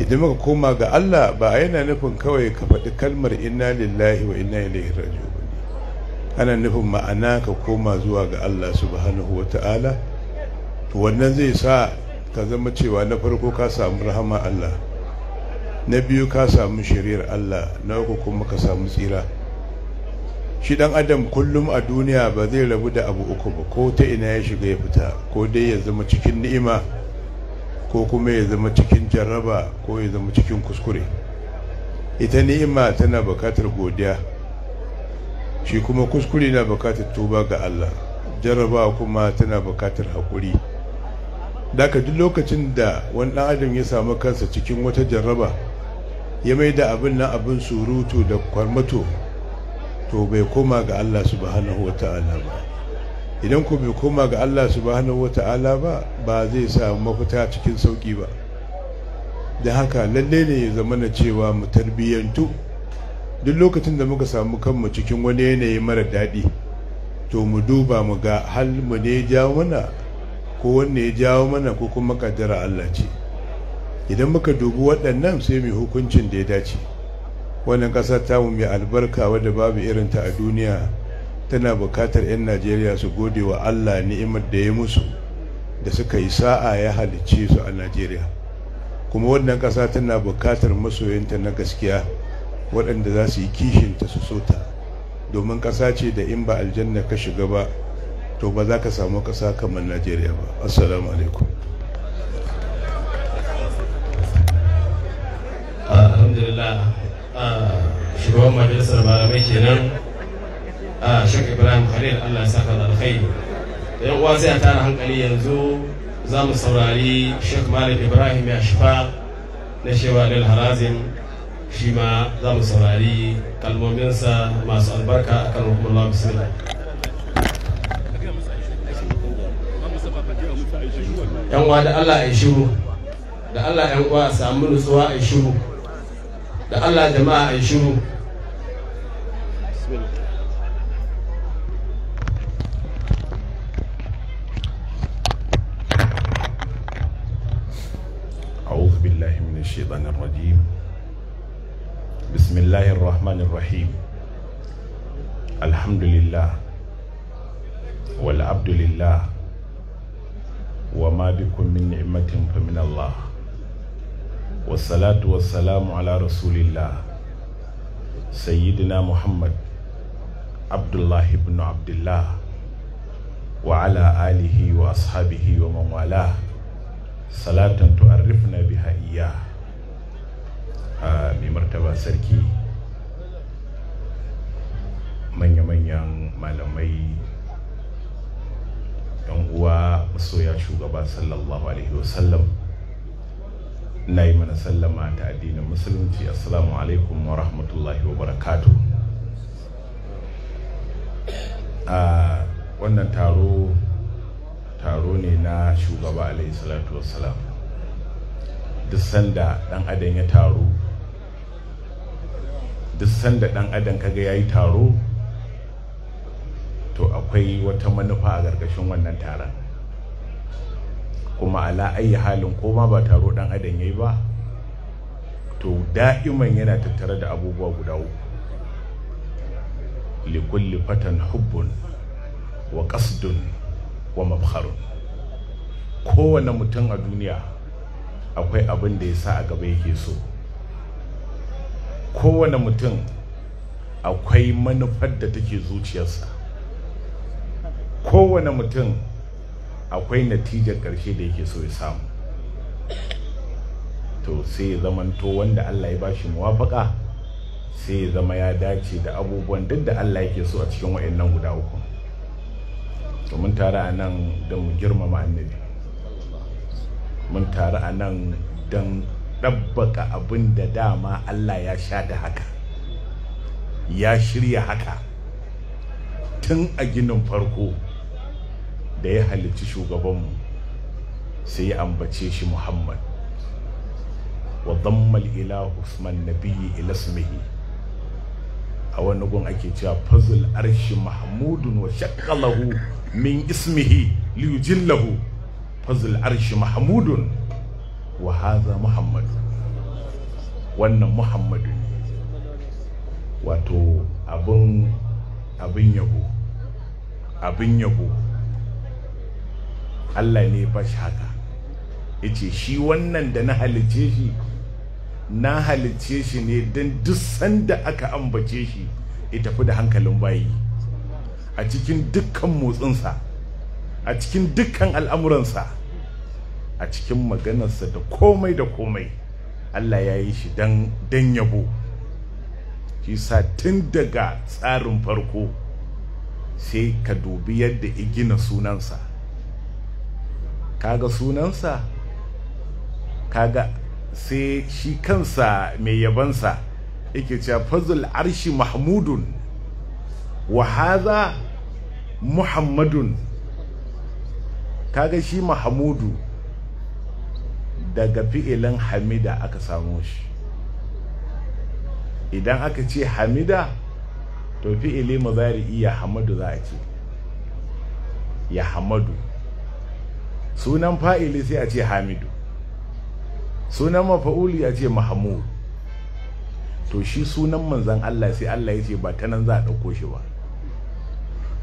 idan muka koma ga Allah ba yana nufin kawai ka faɗi kalmar inna lillahi wa inna ilaihi raji'un ana nufin ma'ana ka koma zuwa ga Allah subhanahu ta'ala to wannan zai sa ka zama cewa na farko ka samu rahama Allah na biyu ka samu shiriyar Allah na uku kuma ka samu tsira shi dan adam kullum a duniya ba zai rabu da abu uku ba ko ta ina ya shiga ya fita ko dai ya zama cikin ni'ima ko kuma ya zama cikin jarraba ko ya zama cikin kuskure ita ni'ima tana bukatar godiya shi kuma kuskure na bukatar tuba ga Allah jarraba kuma tana bukatar haƙuri daga duk lokacin da wani ɗan adam ya samu kansa cikin wata jaraba ya mai da abin nan abin surutu da kwarmato to bai koma ga Allah subhanahu wa ta'ala ba idan ku bai koma ga Allah subhanahu wata'ala ba ba zai samu mafita cikin sauki ba da haka lalle ne ya zama na cewa mu tarbiyyantu duk lokacin da muka samu kanmu cikin wani yanayi mara daɗi to mu duba mu ga hal mu ne ya jawo mana ko wanne ya jawo mana ko kuma kaddara Allah ce idan muka dubi waɗannan sai mu hukuncin da ya dace wannan ƙasar tamu mai albarka wadda babu irinta a duniya tana bukatar 'yan najeriya su gode wa allah ni'imar da ya musu da suka yi sa'a ya halicce su a najeriya kuma wannan kasa tana bukatar masoyanta na gaskiya waɗanda za su yi kishinta su sota domin ƙasa ce da in ba aljanna ka shiga ba to ba za ka samu kasa kamar najeriya ba assalamu alaikum alhamdulillah ah, shugaban majalisar malamai kenan Ah, shek ibrahim khalil allah ya saka da alkhairi da yan uwa sai a tara hankali yanzu za mu saurari shek malik ibrahim ya shifa na shewa lil harazin shi ma za mu saurari kalmominsa masu albarka a kan hukumar bismillah yan uwa da allah ya shiru da allah yan uwa samu nutsuwa a shiru da allah jama'a a shiru أعوذ بالله من الشيطان الرجيم بسم الله الرحمن الرحيم الحمد لله والعبد لله وما بكم من نعمة فمن الله والصلاة والسلام على رسول الله سيدنا محمد عبد الله بن عبد الله وعلى آله وأصحابه ومن والاه salatan tu'arrifna biha iya a mai martaba sarki manya-manyan malamai yan uwa masoya shugaba sallallahu alaihi wasallam na yi mana sallama ta addinin musulunci assalamu alaikum wa rahmatullahi wa barakatu a wannan taro taro ne na shugaba alaihi salatu salam duk sanda dan adam ya taro duk sanda dan adam kaga yayi taro to akwai wata manufa a gargashin wannan taron kuma ala ayi halin ko ma ba taro dan adam yayi ba to da'iman yana tattare da abubuwa guda uku likulli fatan hubbun wa qasdun wa mabharun kowane mutum a duniya akwai abin da ya sa a gaba yake so kowane mutum akwai manufar da take zuciyarsa kowane mutum akwai natijar ƙarshe da yake so ya samu to sai ya zamanto wanda Allah ya bashi muwafaka sai ya zama ya dace da abubuwan duk da Allah yake so a cikin wa'annan guda uku to mun tare a nan don mu girmama annabi mun tare a nan don ɗabbaka abin da dama Allah ya sha da haka ya shirya haka tun a ginin farko da ya halicci shugabanmu sai ya ambace shi Muhammad wa zammal ila Usman nabiyyi ila ismihi a wani gun ake cewa fazul arshi mahmudun wa shakalahu min ismihi liyujillahu fazul arshi mahmudun wa haza muhammadu wannan muhammadu wato abin abin yabo abin yabo Allah ne ya bashi haka yace shi wannan da na halice shi na halicce shi ne don duk sanda aka ambace shi ya tafi da hankalin bayi a cikin dukkan motsinsa a cikin dukkan al'amuransa a cikin maganarsa da komai da komai Allah ya yi shi don yabo shi sa tun daga tsarin farko sai ka dubi yadda gina sunansa kaga sunansa kaga sai shi kansa mai yabansa yake cewa fazul arshi mahmudun wa haza muhammadun kaga shi mahmudu daga fi'ilin hamida aka samu shi idan aka ce hamida to fi'ili muzari'i ya hamadu za a ce ya hamadu sunan fa'ili sai a ce hamidu sunan mafa'uli a ce mahamud to shi sunan manzan Allah sai Allah ya ce ba ta nan za a ɗauko shi ba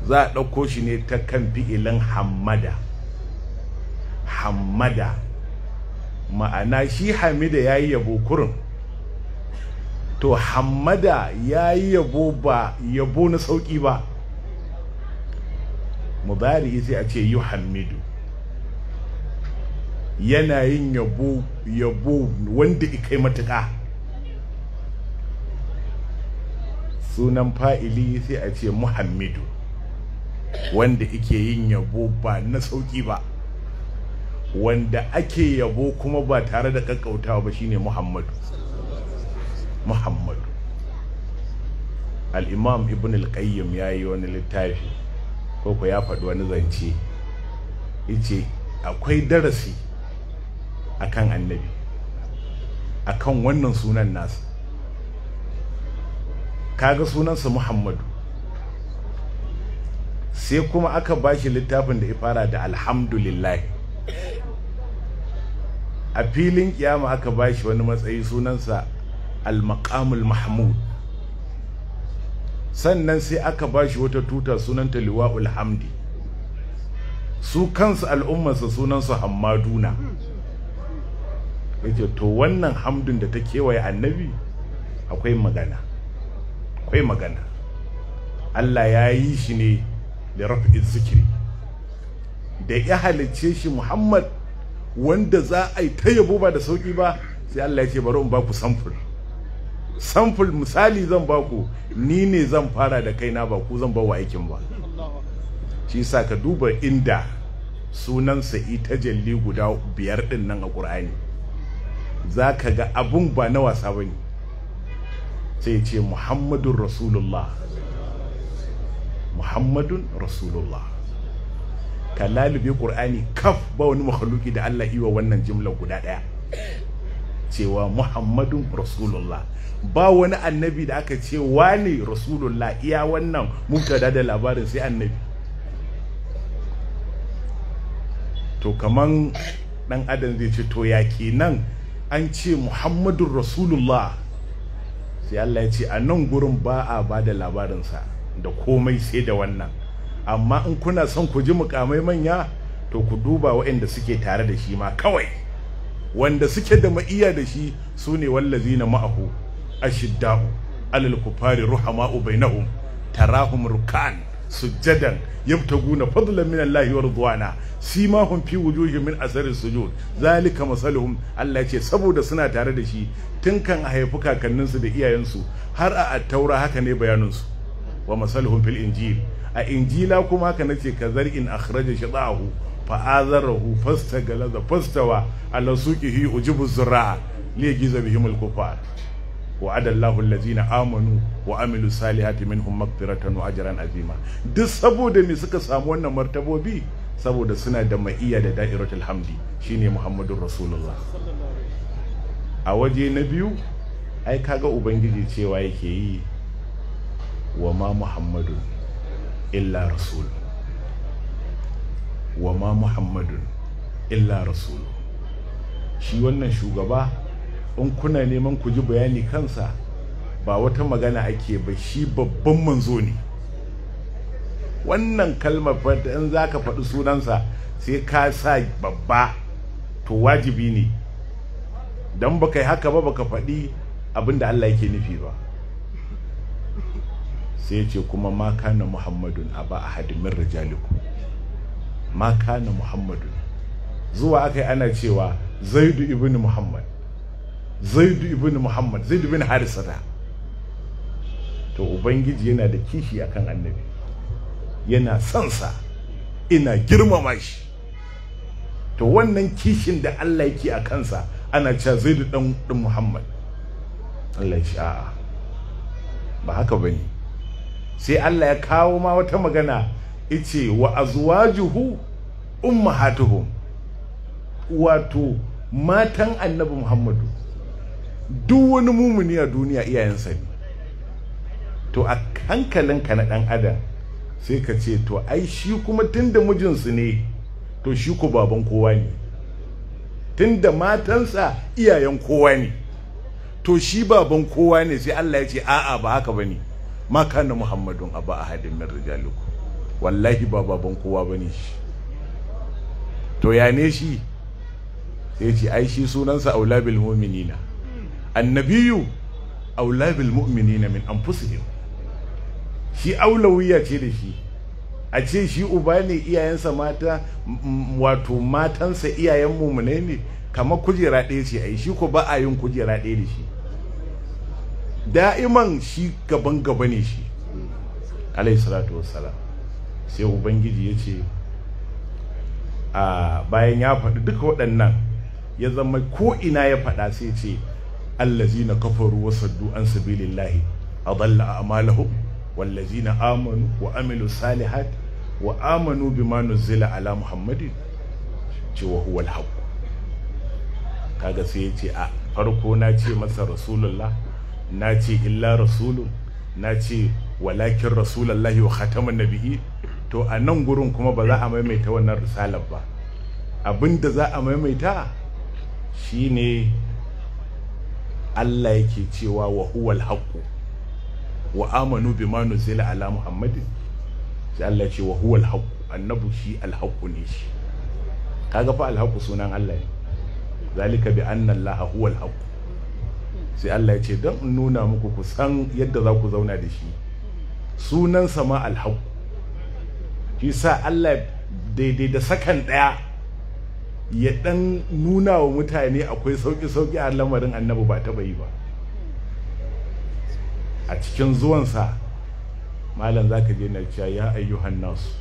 za a ɗauko shi ne ta kan fi'ilin hamada hamada ma'ana shi hamida ya yi yabo kurin to hamada ya yi yabo ba yabo na sauƙi ba mubari sai a ce yi hamidu yana yin yabo yabo wanda kai matuƙa sunan fa'ili sai a ce muhammadu wanda ike yin yabo ba na sauƙi ba wanda ake yabo kuma ba tare da ƙaƙƙautawa ba shine muhammadu muhammadu al'imam ibn al-qayyim ya yi wani littafi ko ya faɗi wani zance ya ce akwai darasi akan annabi akan wannan sunan nasa kaga sunansa muhammadu sai kuma aka bashi littafin da ya fara da alhamdulillah a filin kiyama aka bashi wani matsayi sunansa almakamul mahmud sannan sai aka bashi wata tuta sunanta liwa'ul hamdi su kansu al'ummarsa sunansa hammaduna yace to wannan hamdun da ta kewaye annabi akwai magana akwai magana Allah ya yi shi ne da rafi'in zikiri da ya halicce shi Muhammad wanda za a yi ta yabo ba da sauki ba sai Allah ya ce bari in baku samfur samfur misali zan baku ni ne zan fara da kaina ba ku zan bawa aikin ba shi sa ka duba inda sunansa ita jalli guda biyar din nan a ƙur'ani. za ka ga abun ba na wasa ba ne sai ce muhammadun rasulullah muhammadun rasulullah ka lalube ƙur'ani kaf ba wani makhluki da allah yi wa wannan jimla guda ɗaya cewa muhammadun rasulullah ba wani annabi da aka ce wani rasulullah iya wannan mubtada da labarin sai annabi to kaman dan adam zai ce to ya kenan nan an ce muhammadun rasulullah sai Allah ya ce a nan gurin ba a ba da labarinsa da komai sai da wannan amma in kuna son ku ji mukamai manya to ku duba waɗanda suke tare da shi ma kawai wanda suke da ma'iya da shi su ne wallazi na ma'ahu ashidda'u alal kufari ruhama'u bainahum tarahum rukan sujjadan yabtaguna fadlan min Allah wa ridwana simahum fi wujuhihim min asari sujud zalika masaluhum Allah ce saboda suna tare da shi tun kan a haifi kakanninsu da iyayensu har a attaura haka ne bayaninsu wa masaluhum fil injil a injila kuma haka nace kazar in akhraja shidahu fa azarahu fastagalaza fastawa ala suqihi ujibu zurra li yajiza bihim al kufar wa'adallahu Allahu allazina amanu wa amilu salihati minhum maghfiratan wa ajran azima duk saboda me suka samu wannan martabobi saboda suna da ma'iya da da'iratul hamdi shine Muhammadur Rasulullah a waje na biyu ai kaga ubangiji cewa yake yi wa ma Muhammadun illa rasul wa ma Muhammadun illa rasul shi wannan shugaba in kuna neman ku ji bayani kansa ba wata magana ake ba shi babban manzo ne wannan kalmar fata in za ka faɗi sunansa sai ka sa babba to wajibi ne don ba yi haka ba baka faɗi abinda Allah yake nufi ba sai ce kuma ma kana muhammadun a ba a hadimin rajaliku ma kana muhammadun zuwa aka yi ana cewa zaidu ibn muhammad zaidu ibn muhammad zaidu ibn harisata to ubangiji yana da kishi akan annabi yana son sa ina girmama shi to wannan kishin da Allah yake a kansa ana cewa zaidu dan muhammad Allah ya a'a ba haka bane sai Allah ya kawo ma wata magana ice wa azwajuhu ummahatuhum wato matan annabi muhammadu duk wani mumuni a duniya iyayensa ne to a hankalinka na ɗan adam sai ka ce to ai shi kuma tunda mijinsu ne to shi ku baban kowa ne tunda matansa iyayen kowa ne to shi baban kowa ne sai Allah ya ce a'a ba haka bane ma kana muhammadun aba ahadin min rijaliku wallahi ba baban kowa bane shi to ya ne shi sai ce ai shi sunansa aulabil mu'minina annabiyu aulabil bil mu'minina min anfusihim shi aulawiya ce da shi a ce shi uba ne iyayensa mata wato matansa iyayen mumune ne kama kujera ɗaya ce a yi shi ko ba a yin kujera ɗaya da shi da'iman shi gaban gaba ne shi alayhi salatu wassalam sai ubangiji ya ce a bayan ya faɗi duka waɗannan ya zama ko ina ya faɗa sai ce allazina kafaru wa saddu an sabilillahi adalla a'malahum wallazina amanu wa amilu salihat wa amanu bima nuzila ala muhammadin ce kaga sai ya ce a farko na ce masa rasulullah na ce illa rasulun na ce walakin rasulullahi wa khataman nabiyyi to a nan gurin kuma ba za a maimaita wannan risalar ba abinda za a maimaita shine Allah yake cewa wa huwal haqqu wa amanu bima nuzila ala muhammadin sai Allah ce wa huwal haqqu annabu shi alhaqqu ne shi kaga fa alhaqqu sunan Allah ne zalika bi anna Allah huwal haqqu sai Allah ya ce dan in nuna muku ku san yadda za ku zauna da shi sunan sama alhaqqu shi sa Allah daidai da sakan daya ya dan nuna wa mutane akwai sauƙe-sauƙe a lamarin annabi ba taɓa yi ba a cikin zuwansa malam za ka je na cewa ya ayyuhan nasu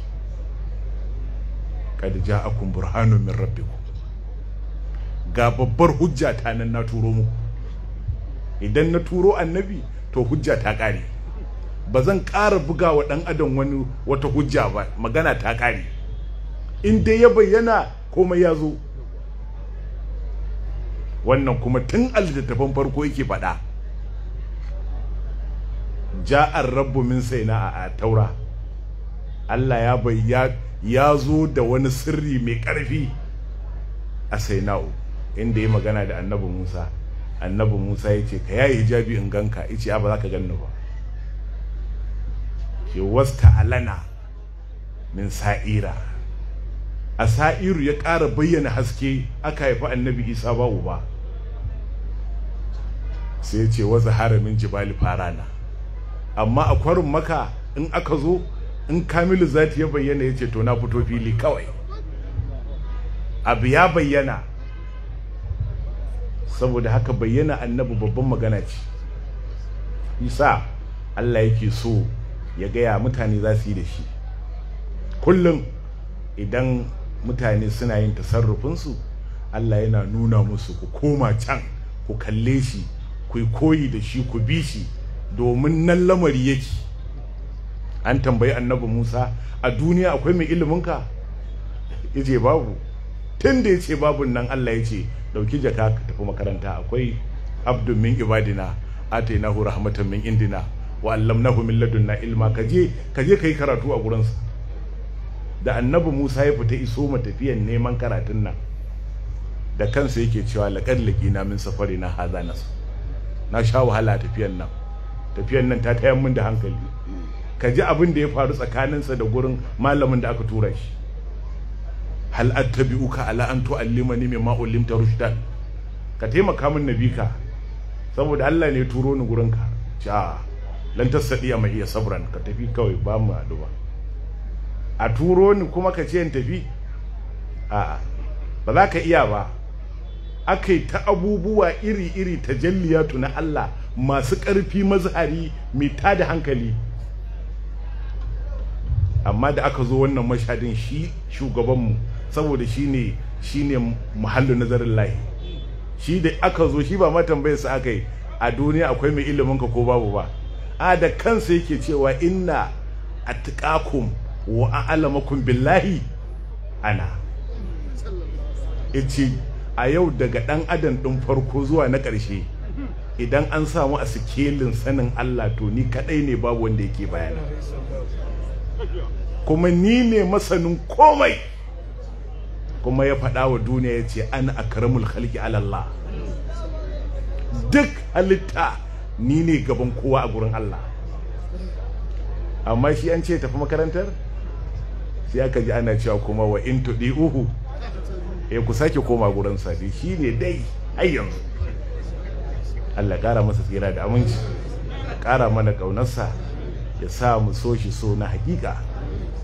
kad ja'akum burhanun min rabbikum ga babbar hujja ta nan na turo muku idan na turo annabi to hujja ta ƙare ba zan ƙara buga wa ɗan adam wani wata hujja ba magana ta ƙare in dai ya bayyana komai ya zo wannan kuma tun alitattafan farko yake faɗa ja'ar rabbu min saina a taura Allah ya bai ya zo da wani sirri mai ƙarfi a saina'u inda ya magana da annabi Musa annabi Musa ya ce ka yi hijabi in ganka ya ce ba za ka ganni ba ke wasta alana min sa'ira a sa'iru ya ƙara bayyana haske aka haifi annabi isa ba uba sai ya ce waza haramin jibali farana amma a kwarin maka in aka zo in kamilu zati ya bayyana ya ce to na fito fili kawai abu ya bayyana saboda haka bayyana annabi babban magana ce isa allah yake so ya gaya mutane za su yi da shi kullum idan mutane suna yin tasarrufinsu Allah yana nuna musu ku koma can ku kalle shi ku koyi da shi ku bi shi domin nan lamari yake an tambayi annabi Musa a duniya akwai mai iliminka yace babu tun da yace babu nan Allah ya ce dauki jaka ka tafi makaranta akwai abdun min ibadina atainahu rahmatan min indina wa allamnahu min ladunna ilma kaje kaje kai karatu a gurinsa da annabi musa ya fita iso ma tafiyan neman karatun nan da kansa yake cewa laƙar na min safari na haza na na sha wahala a tafiyan nan tafiyan nan ta taya min da hankali ka ji abin da ya faru tsakaninsa da gurin malamin da aka tura shi hal attabi'uka ala an tu'allimani mimma ullimta rushdan ka taimaka min bi ka saboda Allah ne turo ni gurinka ca lan tasadi mai iya sabran ka tafi kawai ba mu a turo ni kuma ka ce in tafi a'a ba za ka iya ba aka yi ta abubuwa iri-iri ta jalliyatu na Allah masu ƙarfi mazhari mai da hankali amma da aka zo wannan mashadin shi shugabanmu saboda shi ne shi ne muhallu nazarin lahi shi da aka zo shi ba ma su aka yi a duniya akwai mai ilimin ka ko babu ba a da kansa yake cewa inna atqakum wa a'lamakum billahi ana yace a yau daga dan adam din farko zuwa na ƙarshe idan an samu a sikelin sanin Allah to ni kadai ne babu wanda yake bayana kuma ni ne masanin komai kuma ya faɗa wa duniya ya ce ana akramul khalqi ala Allah duk halitta ni ne gaban kowa a gurin Allah amma shi an ce tafi makarantar sai aka ji ana cewa kuma wa in tudi uhu E, eh, ku sake koma gurin sadi shine dai har yanzu Allah kara masa tsira da aminci kara mana kaunarsa ya sa mu so shi so na hakika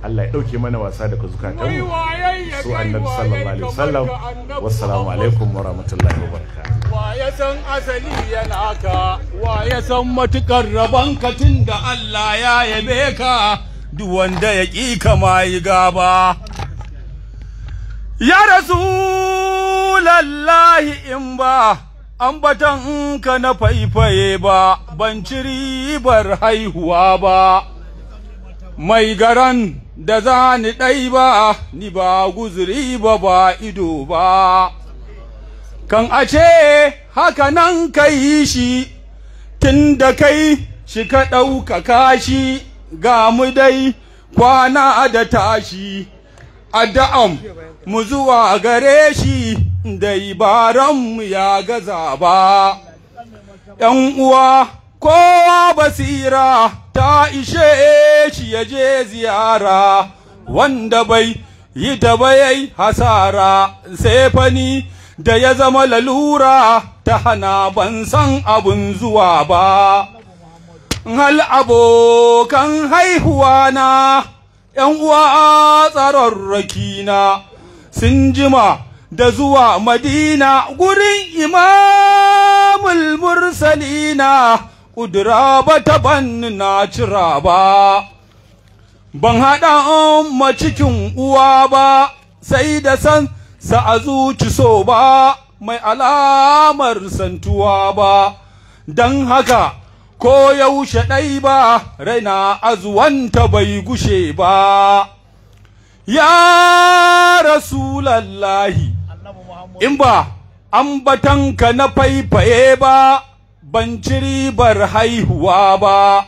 Allah ya dauke mana wasa daga zukatanmu su annabi sallallahu alaihi wasallam wassalamu alaikum wa rahmatullahi wa barakatuh wa ya san asali yana ka wa ya san matukar tun da Allah ya yabe ka wanda ya ƙi kama yi gaba ya rasu lallahi in ba An batan ka na faifaye ba ban ci ribar haihuwa ba mai garan da za ni ɗai ba ni ba guzuri ba ba ido ba kan a ce haka nan ka yi shi tun da kai shi ka ɗauka kashi. ga mu dai kwana da tashi addu'an mu zuwa gare shi dai mu ya gaza ba ‘yan uwa kowa basira ta ishe shi ya je ziyara wanda bai yi ta bayai hasara sai fani da ya zama lalura ta hana ban san abin zuwa ba. hal abokan haihuwa na ‘yan uwa tsararraki na sun jima da zuwa madina gurin imamul mursalina ƙudura ba ta na cira ba ban haɗa macikin uwa ba sai da san sa a zuci so ba mai alamar santuwa ba don haka ko yaushe ɗai ba raina azuwanta bai gushe ba ya rasulallahi in ba ambatanka na faifaye ba ban ci ribar haihuwa ba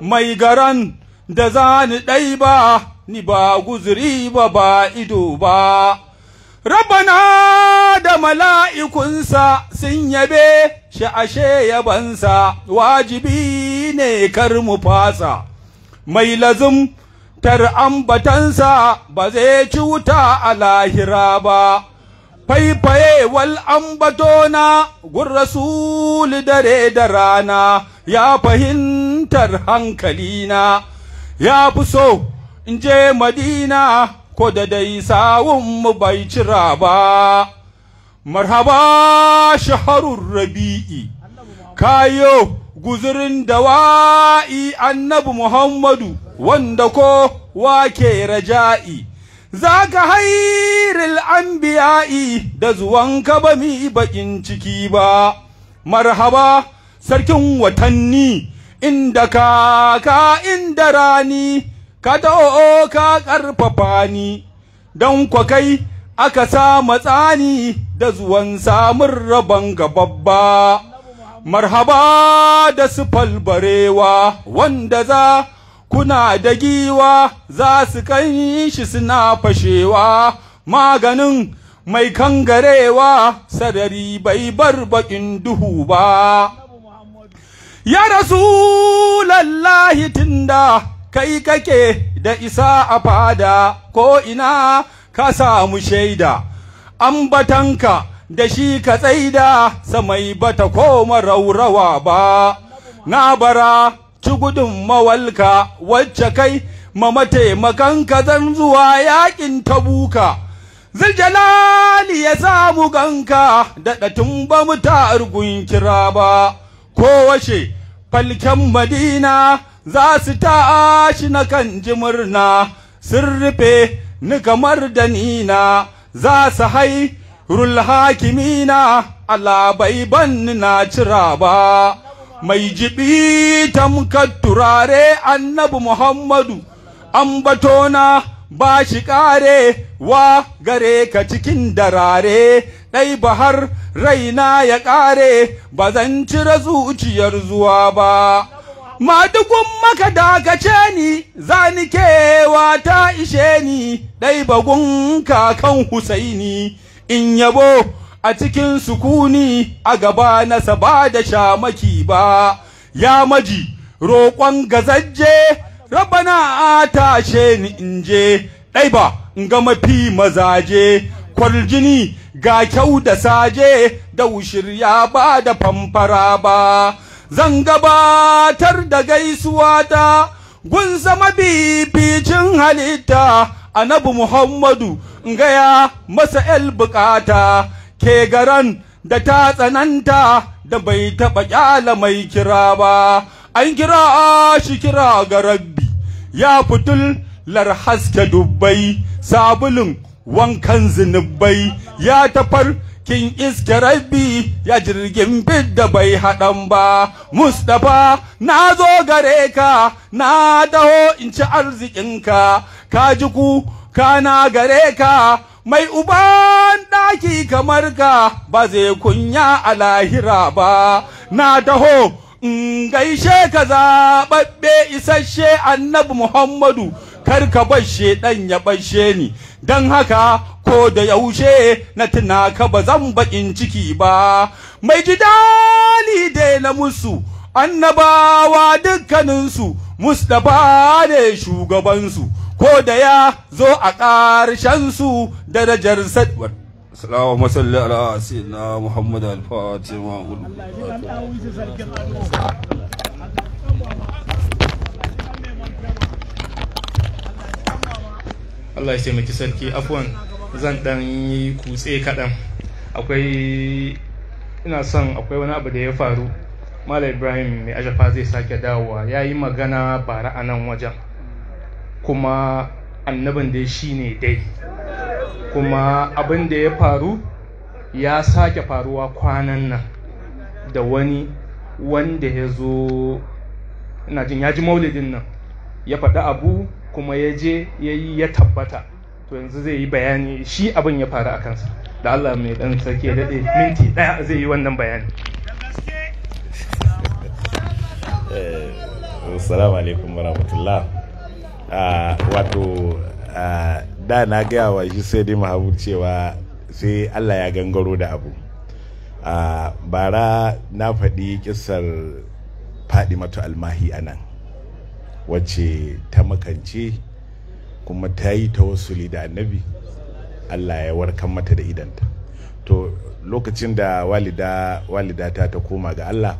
mai garan da za ni ɗai ba ni ba guzuri ba ba ido ba rabana da mala'ikunsa sun yabe shi ashe yabansa wajibi ne kar mu fasa mai lazum tar ambatansa ba zai cuta a lahira ba faifaye wal ambatona gun rasul dare da rana ya fahimtar hankalina ya fi so in je madina ko da dai sawun mu bai cira ba marhaba shaharun rabi'i kayo guzurin dawa'i annabi muhammadu wanda ko wake raja'i zaka ka hairil anbiya'i da zuwanka ba mi bakin ciki ba marhaba sarkin watanni inda kaka inda rani ka ka karfafa ni don kwa kai aka sa matsani da zuwan samun rabon gababba marhaba da su falbarewa wanda za kuna da giwa za su kan shi suna fashewa maganin mai kangarewa sarari bai bar bakin duhu ba ya rasu lallahi tunda kai kake da isa a fada ko ina ka samu shaida An batanka da shi ka tsaida samai bata koma raurawa ba na bara ci gudun mawalka wacce kai mamataimakanka zan zuwa yakin tabuka zuljalali ya samu ganka daɗa tun ba mu ta argun kira ba washe falken madina za su tashi na kan ji murna sun rufe ni kamar da nina za su hai rul hakimina Allah bai na cira ba mai jibi tamkar turare annabi Muhammadu An batona ba shi kare wa gare ka cikin darare ɗai bahar raina ya kare ba zan cire zuciyar zuwa ba ma dukun maka da ce ni Zani kewa ta ishe ni ɗai bagun kakan husaini in yabo a cikin sukuni a gaba na saba da shamaki ba ya maji roƙon gazajje rabana a tashe ni in je ɗai ba in ga mafi mazaje kwaljini ga kyau da saje da wushirya ba da famfara ba zan gabatar da gaisuwa ta gun zama bificin halitta annabi muhammadu in gaya masa el bukata ke garan da ta tsananta da bai taɓa ƙyala mai kira ba an kira shi kira ga rabbi ya fitul haske dubbai sabulun wankan zinubbai ya tafar kin iske rabbi ya jirgin da bai haɗan ba mustapha na zo gare na daho in ci arzikinka ka ji ku kana gare ka mai uban ɗaki kamar ka ba zai kunya a lahira ba na taho in gaishe ka zaɓaɓɓe isasshe annabi muhammadu kar ka bashe ɗan ya bashe ni don haka ko da yaushe na tuna ka ba zan bakin ciki ba mai jidali dai na musu annabawa dukkaninsu mustapha ne shugabansu ko da ya zo a ƙarshensu darajar sadwar Salamu salli ala sayyidina Muhammad al fatima Allah ya taimaki sarki afwan zan dan yi kutse kaɗan akwai ina son akwai wani abu da ya faru mala ibrahim mai ajafa zai sake dawowa ya yi magana bara a nan wajen kuma annabin dai shi ne dai kuma abin da ya faru ya sake faruwa kwanan nan da wani wanda ya zo ina jin ya maulidin nan ya faɗi abu kuma ya je ya yi ya tabbata to yanzu zai yi bayani shi abin ya faru a kansa da Allah mai dan sarki ya dade minti daya zai yi wannan bayani eh, assalamu alaikum warahmatullah ah, wato ah, da na gaya wa shi sai dai mahabu cewa sai Allah ya gangaro da abu ah, bara na faɗi kisar faɗi mata almahi anan wacce ta makance kuma ta yi tawassuli da annabi Allah ya warkar mata da idanta to lokacin da walida walidata ta koma ga Allah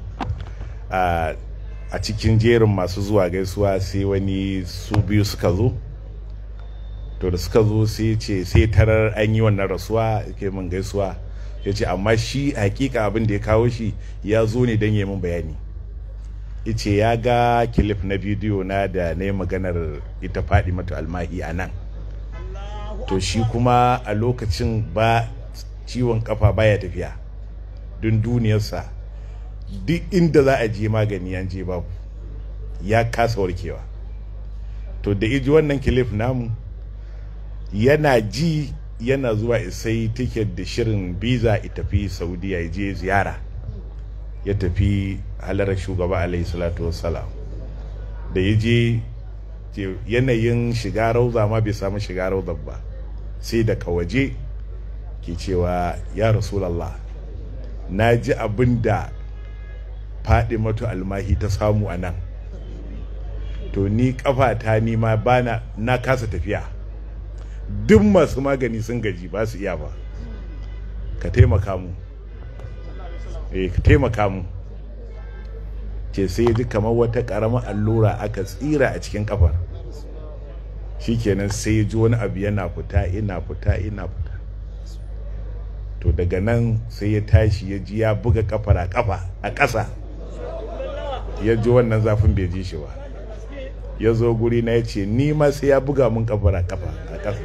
a cikin jerin masu zuwa gaisuwa sai wani su biyu suka zo to da suka zo sai ce sai tarar an yi wannan rasuwa ke min gaisuwa ya ce amma shi hakika abin da ya kawo shi ya zo ne don yi min bayani ice ya ga kilif na bidiyo na da na yi maganar ita faɗi mata almahi a nan to shi kuma a lokacin ba ciwon kafa baya tafiya don duniyarsa duk inda za a je magani ya je babu ya kasa warkewa to da iji wannan kilif namu yana ji yana zuwa isai tiket da shirin biza ya tafi saudiya ya je ziyara ya tafi halarar shugaba alaihi salatu wassalam da ya je yanayin shiga rauza ma bai samu shiga rauzar ba sai daga waje ke cewa ya rasu rasulallah na ji abin da faɗi mato almahi ta samu a nan to ni kafata ni ma bana na kasa tafiya duk masu magani sun gaji ba su iya ba ka taimaka mu eh, ka taimaka mu ce sai ya ji kamar wata ƙaramar allura aka tsira a cikin kafar shikenan sai ya ji wani abu yana fita ina fita ina fita to daga nan sai ya tashi ya ji ya buga kafar a kafa a ƙasa ya ji wannan zafin bai ji shi ba ya zo guri na ya ce ni ma sai ya buga mun kafar a kafa a ƙasa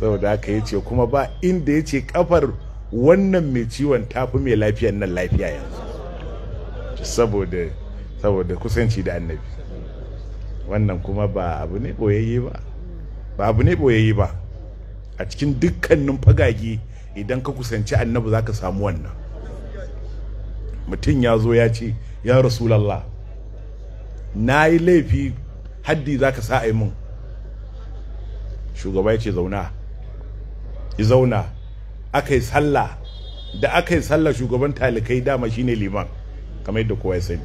saboda haka ya ce kuma ba inda ya ce kafar wannan mai ciwon tafi mai lafiyan nan lafiya yanzu saboda saboda kusanci da annabi wannan kuma ba abu ne boyayye ba ba abu ne boyayye ba a cikin dukkanin fagage idan ka kusanci annabi za ka samu wannan mutum ya zo ya ce ya rasulallah na yi laifi haddi za ka sa'ai mun shugaba ya ce zauna yi zauna aka yi sallah da aka yi sallah shugaban talikai dama shine liman kamar yadda kowa ya sani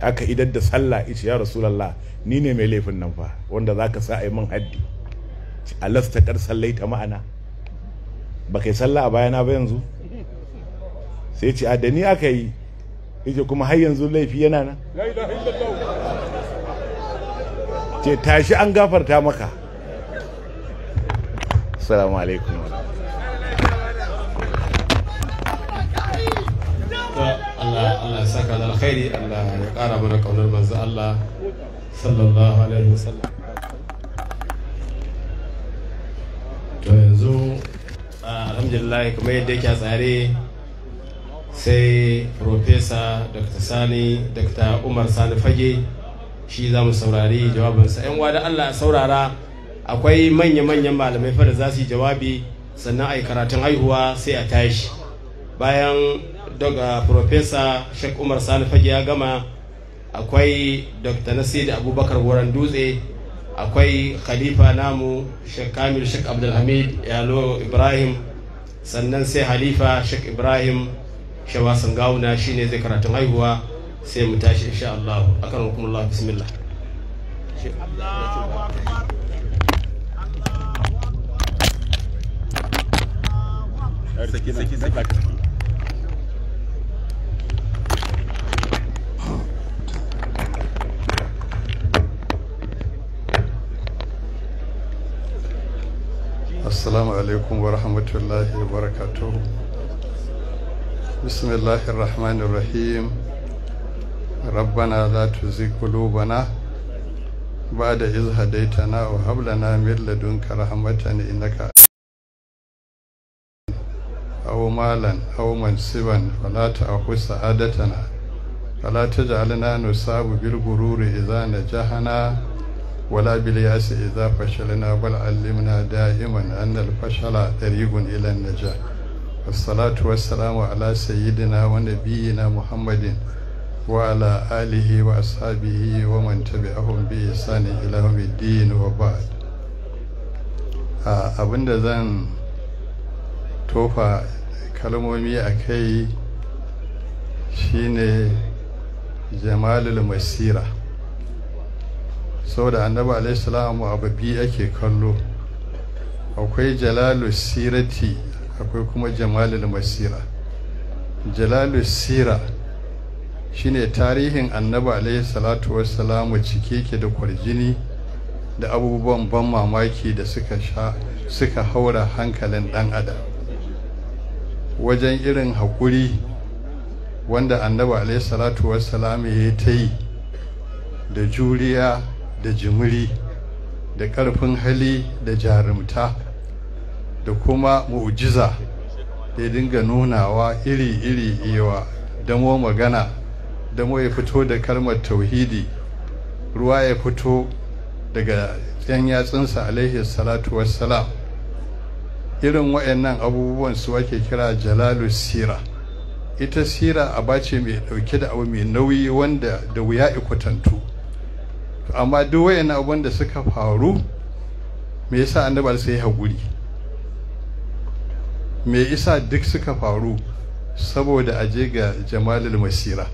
aka idar da sallah ishi ya rasulallah ni ne mai laifin nan fa wanda za ka sa a yi min haddi a lasta kar sallai ta ma'ana ba kai sallah a bayana ba yanzu sai ce a da ni aka yi ije kuma har yanzu laifi yana nan ce tashi an gafarta maka assalamu alaikum Allah ya saka da alkhairi Allah ya kara mana kaunar manzo Allah sallallahu alaihi wasallam to yanzu alhamdulillah kuma yadda yake tsare sai professor dr sani dr umar sani fage shi za mu saurari jawabinsa yan wada allah saurara akwai manya-manyan malamai fa da za su yi jawabi sannan a yi karatun haihuwa sai a tashi bayan daga profesa sheikh umar sani fage ya gama akwai dr nasir abubakar goran dutse akwai khalifa namu sheikh kamil sheikh abdulhamid yalo ibrahim sannan sai Khalifa sheikh ibrahim shawasan gawuna shine zai karatun haihuwa sai mu tashi insha Allah akan hukumullah bismillah Akbar Allahu Akbar assalamu alaikum wa rahmatullahi wa barakatuhu bismillahir rahmanir rahim rabbana la tuzigh qulubana ba'da iz hadaytana wa hab lana min ladunka rahmatan innaka aw malan aw mansiban fala ta'khudh sa'adatana fala taj'alna nusabu bil ghururi idza najahana ولا بالياس إذا فشلنا بل علمنا دائما أن الفشل طريق إلى النجاة والصلاة والسلام على سيدنا ونبينا محمد وعلى آله وأصحابه ومن تبعهم بإحسان إلى يوم الدين وبعد abinda zan tofa kalmomi a kai shine jamalul masira saboda annabi alaihi salamu ababi ake kallo akwai jalalu sirati akwai kuma jamalul masira jalalu sira shine tarihin annabi alaihi salatu wassalamu cike ke da kwarjini da abubuwan ban mamaki da suka sha suka haura hankalin dan adam wajen irin haƙuri wanda annabi alaihi salatu wassalamu ya ta yi da juriya da jimiri da ƙarfin hali da jarumta da kuma mu'jiza ya dinga nunawa iri-iri iyawa damo magana damo ya fito da kalmar tauhidi ruwa ya fito daga yan yatsunsa alaihi salatu wassalam irin wayannan abubuwan su ake kira jalalu sira ita sira a bace mai dauke da abu mai nauyi wanda da wuya ikutantu amma duk wayannan abubuwan da suka faru me yasa annabi sai ya haƙuri me yasa duk suka faru saboda je ga jamalul masira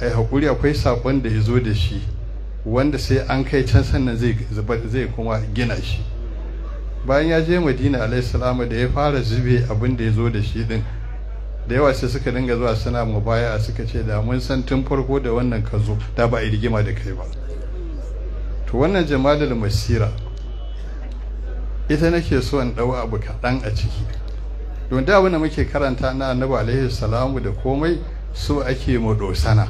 ai haƙuri akwai saƙon da ya zo da shi wanda sai an kai can sannan zai kuma gina shi bayan ya je madina alaihissalama da ya fara zube abin da ya zo da shi din da yawa sai suka dinga zuwa suna baya suka ce da mun san tun farko da wannan ka zo da ba a rigima da kai ba to wannan jamalul masira ita nake so in dau abu kaɗan a ciki don da wanda muke karanta na annabi alaihi salamu da komai so ake mu dosana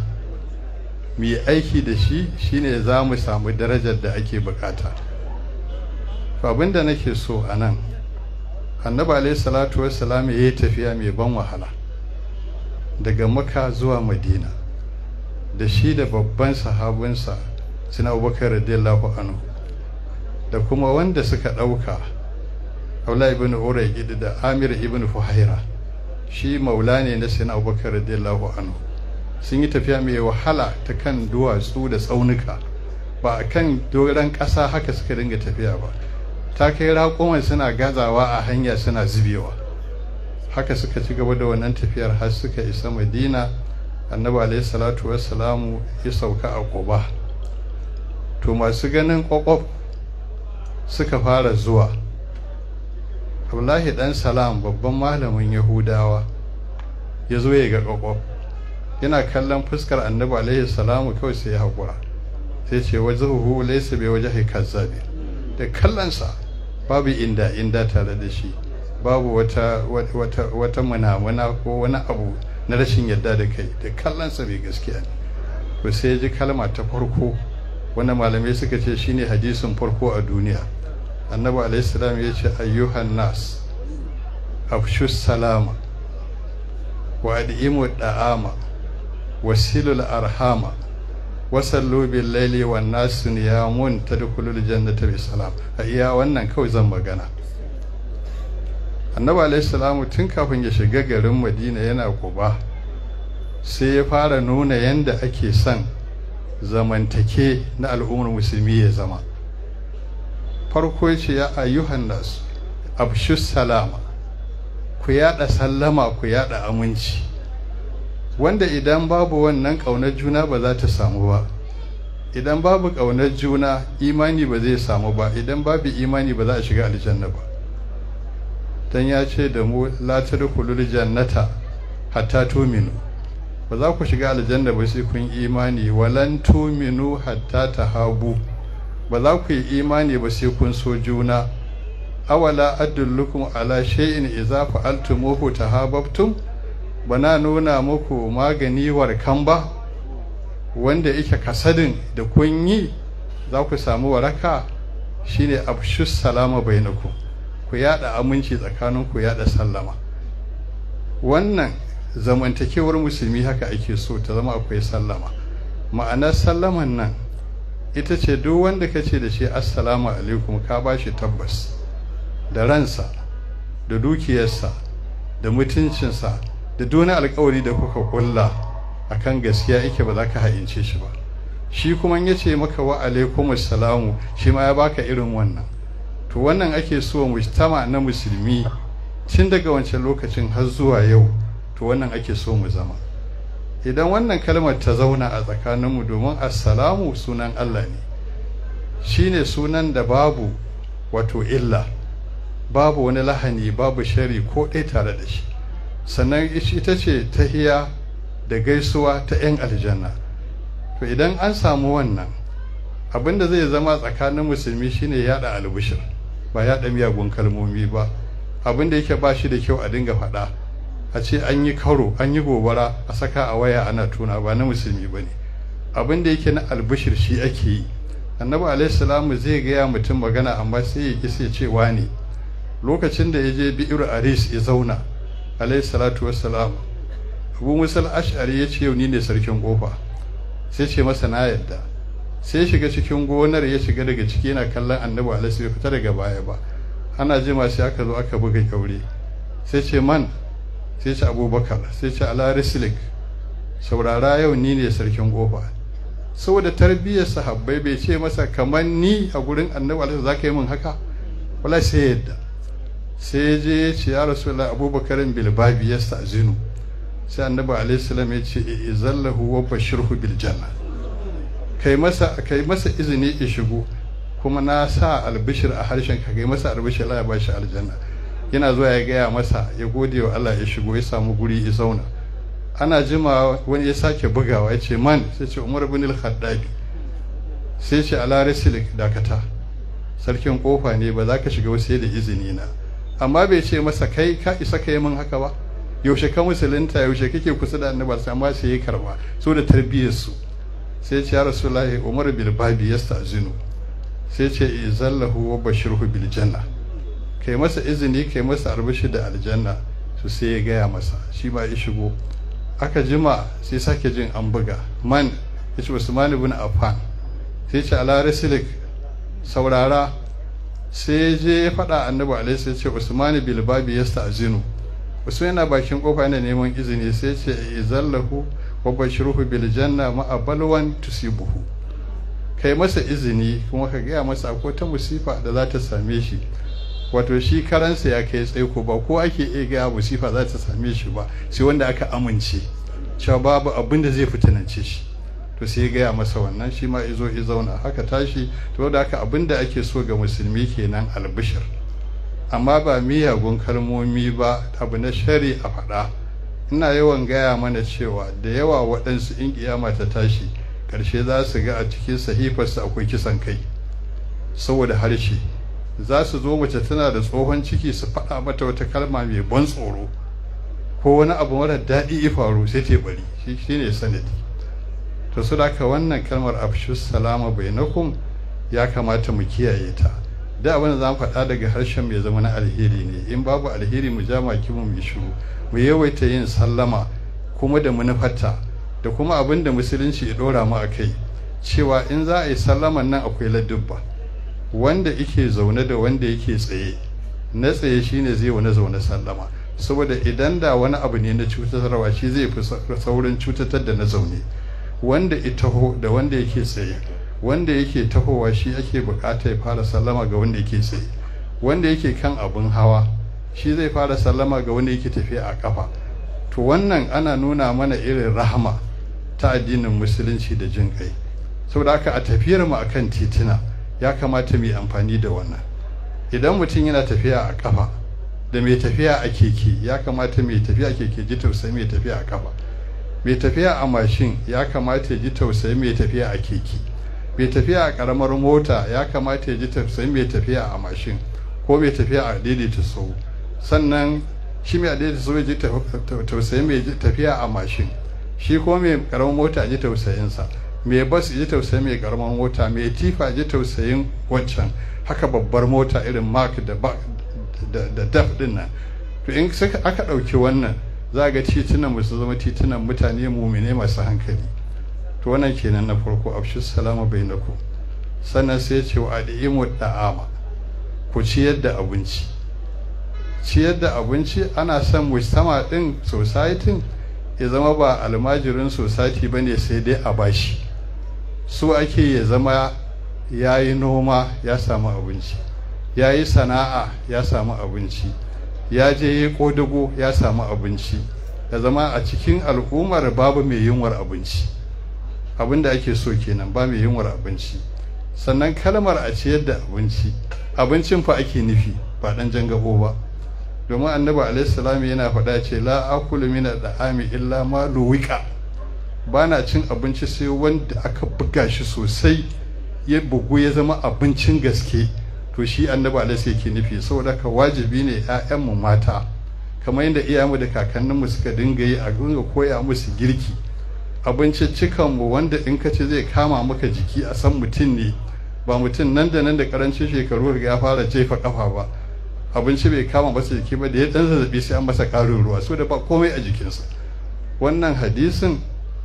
mu aiki da shi shine za mu samu darajar da ake bukata abin da nake so a nan annabi alaihi salatu wassalamu ya yi tafiya mai ban wahala daga maka zuwa madina da shi da babban sahabinsa sina abubakar radiyallahu anhu da kuma wanda suka ɗauka aula ibn urai gidi da amir ibn fuhaira shi maula ne na sina abubakar radiyallahu anhu sun yi tafiya mai wahala ta kan duwatsu da tsaunuka ba a kan doron ƙasa haka suka dinga tafiya ba ta kai raƙuman suna gazawa a hanya suna zubewa haka suka ci gaba da wannan tafiyar har suka isa madina annabi alaihi salatu wassalamu ya sauka a quba to masu ganin kwakwaf suka fara zuwa abdullahi dan salam babban malamin yahudawa ya zo ya ga kwakwaf yana kallon fuskar annabi alaihi salamu kawai sai ya haƙura sai ce laisa laysa bi wajhi kazzabi da kallonsa babu inda inda tare da shi babu wata wata munamuna ko wani abu na rashin yadda da kai da kallonsa bai gaskiya ne to sai ji kalma ta farko wanda malamai suka ce shine hadisin farko a duniya annabi alaihissalam ya ce ayyuhan nas afshu salama wa adimu da'ama wa silul arhama wa sallu bil laili wan nas niyamun tadkhulul jannata bi salam a iya wannan kawai zan magana annabi alaihissalam tun kafin ya shiga garin madina yana kuba sai ya fara nuna yanda ake san zamantake na al'ummar musulmi ya zama farko ce ya ayyuhan nas abshu salama ku yada sallama ku yada aminci wanda idan babu wannan kaunar juna ba za ta samu ba idan babu ƙaunar juna imani ba zai samu ba idan babu imani ba za a shiga aljanna ba dan ya ce da mu la tadkhulul jannata hatta tuminu ba za ku shiga aljanna ba sai kun imani walan tuminu hatta tahabu ba za ku yi imani ba sai kun so juna awala adullukum ala shay'in idza fa'altumuhu tahabbtum bana nuna muku magani warkan ba wanda yake kasadin da kun yi za ku samu waraka shine abshus salama bainakum ku yada aminci tsakaninku yada sallama wannan zamantakewar musulmi haka ake so ta zama akwai sallama ma'anar sallaman nan ita ce duk wanda ka ce da shi assalamu alaikum ka ba shi tabbas da ransa da dukiyarsa da mutuncinsa da dona alkawari da kuka kulla kan gaskiya ike ba za ka haince shi ba shi kuma ya ce maka wa alaikum assalamu shi ma ya baka irin wannan to wannan ake so mujtama na musulmi tun daga wancan lokacin har zuwa yau to wannan ake so mu zama idan wannan kalmar ta zauna a tsakaninmu domin assalamu sunan Allah ne shine sunan da babu wato illa babu wani lahani babu shari ko ɗaya tare da shi sannan ita ce ta tahiya da gaisuwa ta 'yan aljanna to idan an samu wannan abin da zai zama tsakanin musulmi shine yada albishir ba yada miyagun kalmomi ba abin da yake ba shi da kyau a dinga faɗa a ce an yi karo an yi gobara a saka a waya ana tuna ba na musulmi ba ne abin da yake na albishir shi ake yi annabi alaihi zai gaya mutum magana amma sai ya ƙi sai cewa ne lokacin da ya je bi'ir aris ya zauna alaihi salatu wassalam abu musal ash'ari ya ce ne sarkin kofa sai ce masa na yadda sai shiga cikin gonar ya shiga daga ciki yana kallon annabi alaihi fita daga baya ba ana jima sai aka zo aka buga kyaure sai ce man sai ce abubakar sai ce alarislik saurara yau ni ne sarkin kofa saboda tarbiyyar sahabbai bai ce masa kamar ni a gurin annabi alaihi za ka yi min haka wala sai yadda sai je ya ce ya abubakarin abubakar bil babi zinu sai annabi alaihi salam ya ce izallahu eh, wa bashirhu bil janna kai masa kai masa izini ya shigo kuma na sa albishir a harshen ka kai masa albishir la ya shi aljanna yana zuwa ya gaya masa ya gode wa Allah ya shigo ya samu guri ya zauna ana jima wani ya sake bugawa ya ce man sai ce Umar bin al sai ce ala rasilik dakata sarkin kofa ne ba za ka shiga wasu da izini na amma bai ce masa kai ka isa ka yi min haka ba yaushe ka musulunta yaushe kake kusa da annabi sai amma sai ya karba so da tarbiyyar su sai ce ya rasulullahi Umar bil babi yasta'zinu sai ce izallahu wa bashirhu bil janna kai masa izini kai masa arbashi da aljanna su sai ya gaya masa shi ba ya shigo aka jima sai sake jin an buga man ya ce usman ibn affan sai ce ala saurara sai je ya faɗa annabi alaihi sai ce usman bil babi yasta'zinu usman yana bakin kofa yana neman izini sai ce izallahu wa bashiruhu bil janna ma'a balwan tusibuhu kai masa izini kuma ka gaya masa akwai ta musifa da za ta same shi wato shi karansa ya kai tsaiko ba ko ake iya ga musifa za ta same shi ba sai wanda aka amince cewa babu abin da zai fitinance shi to sai ya gaya masa wannan shi ma izo i zauna haka tashi to da haka abin da ake so ga musulmi kenan albishir amma ba miyagun kalmomi ba abu na shari a faɗa ina yawan gaya mana cewa da yawa waɗansu in kiyama ta tashi ƙarshe za su ga a cikin sahifarsa akwai kisan kai saboda harshe za su zo wace tana da tsohon ciki su faɗa mata wata kalma mai ban tsoro ko wani abu mara daɗi ya faru sai ta bari shi ne sanadi to su haka wannan kalmar afshus salama bainakum ya kamata mu kiyaye ta da abin da za mu faɗa daga harshen mai zama na alheri ne in babu alheri mu jama kimu mu shiru mu yawaita yin sallama kuma da manufarta da kuma abin da musulunci ya ɗora mu a kai cewa in za a yi sallaman nan akwai ladubba wanda yake zaune da wanda yake tsaye na tsaye shine zai wani zaune sallama saboda idan da wani abu ne na cutarwa shi zai fi saurin cutatar da na zaune wanda itaho da wanda yake tsaye wanda yake tahowa shi ake bukata ya fara sallama ga wanda yake tsaye wanda yake kan abin hawa shi zai fara sallama ga wanda yake tafiya a kafa to wannan ana nuna mana irin rahama ta addinin musulunci da jin kai saboda haka a tafiyar mu akan titina ya kamata mu yi amfani da wannan idan mutum yana tafiya a kafa da mai tafiya a keke ya kamata mai tafiya a keke ji tausayi mai tafiya a kafa mai tafiya a mashin ya kamata ya ji tausayi mai tafiya a keke mai tafiya a karamar mota ya kamata ya ji tausayi mai tafiya a mashin ko mai tafiya a daidaita sau sannan shi mai daidaita sau ya ji tausayi mai tafiya a mashin shi ko mai karamar mota ya ji tausayinsa mai bas ji tausayi mai karamar mota mai tifa ji tausayin wancan haka babbar mota irin mark da da daf din nan to in aka ɗauki wannan za ga titunan musu zama titunan mutane mumine masu hankali to wannan kenan na farko afshi salama ku. sannan sai ce wa adimu da'ama ku ciyar da abinci ciyar da abinci ana son mujtama din society ya zama ba almajirin society bane sai dai a bashi su ake ya zama ya yi noma ya samu abinci ya yi sana'a ya samu abinci ya je ya kodago ya samu abinci ya zama a cikin al'ummar babu mai yunwar abinci Abinda ake so kenan ba mai yunwar abinci sannan kalmar a ce yadda abinci abincin fa ake nufi ba dan jangabo ba domin annabi alaihi yana faɗa ce la akulu min da'ami illa ma luwika Bana cin abinci sai wanda aka buga shi sosai ya bugu ya zama abincin gaske to shi annaba alai sai ke nufi saboda ka wajibi ne mu mata kamar yadda iyayenmu da kakanninmu suka dinga yi a dinga koya musu girki mu wanda in ka ci zai kama maka jiki a san mutum ne ba mutum nan da nan da karancin shekaru ya fara jefa kafa ba abinci bai kama masa jiki ba da ya dan zazzabi sai an masa karin ruwa so da ba komai a jikinsa wannan hadisin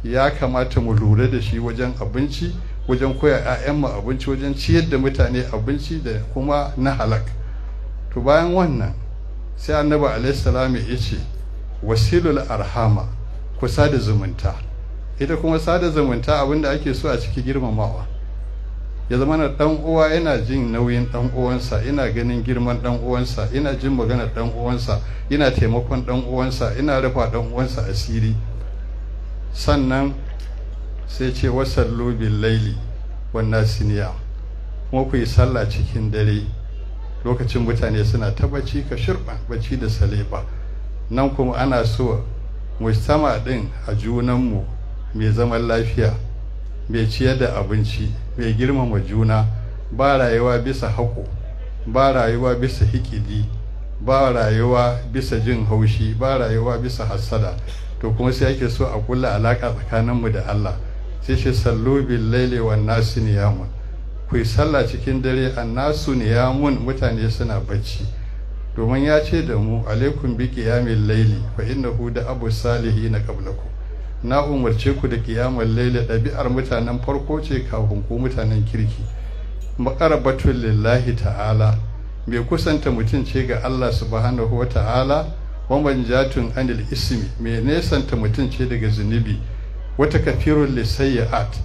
ya kamata mu lura da shi wajen abinci wajen koya mu abinci wajen ciyar da mutane abinci da kuma na halak to bayan wannan sai annabi alaihissalam ya ce wasilul arhama ku sada zumunta ita kuma sada zumunta abinda ake so a cikin girmamawa ya zama na dan uwa yana jin nauyin dan uwansa ina ganin girman dan uwansa ina jin maganar dan uwansa ina taimakon dan uwansa ina rufa dan uwansa asiri sannan sai ce wasan lobin laili wannan siniya kuma ku yi sallah cikin dare lokacin mutane suna ta bacci ka shirɓa bacci da saleba nan kuma ana so mujtama ɗin a junanmu mai zaman lafiya mai ciyar da abinci mai girmama juna ba rayuwa bisa haƙo ba rayuwa bisa hikidi ba rayuwa bisa jin haushi ba rayuwa bisa hassada to kuma sai ake so a kulla tsakanin mu da Allah sai shi sallu bil laili wan nasu niyamun ku yi sallah cikin dare an nasu niyamun mutane suna bacci domin ya ce da mu alaikum bi qiyamil laili fa innahu da abu na qablakum na umarce ku da qiyamul laili ɗabi'ar mutanen farko ce kafin ku mutanen kirki maqarabatul lillahi ta'ala mai kusanta mutum ce ga Allah subhanahu wa ta'ala waman jatun anil ismi mai nesanta mutum ce daga zunubi wata kafirun lisayyat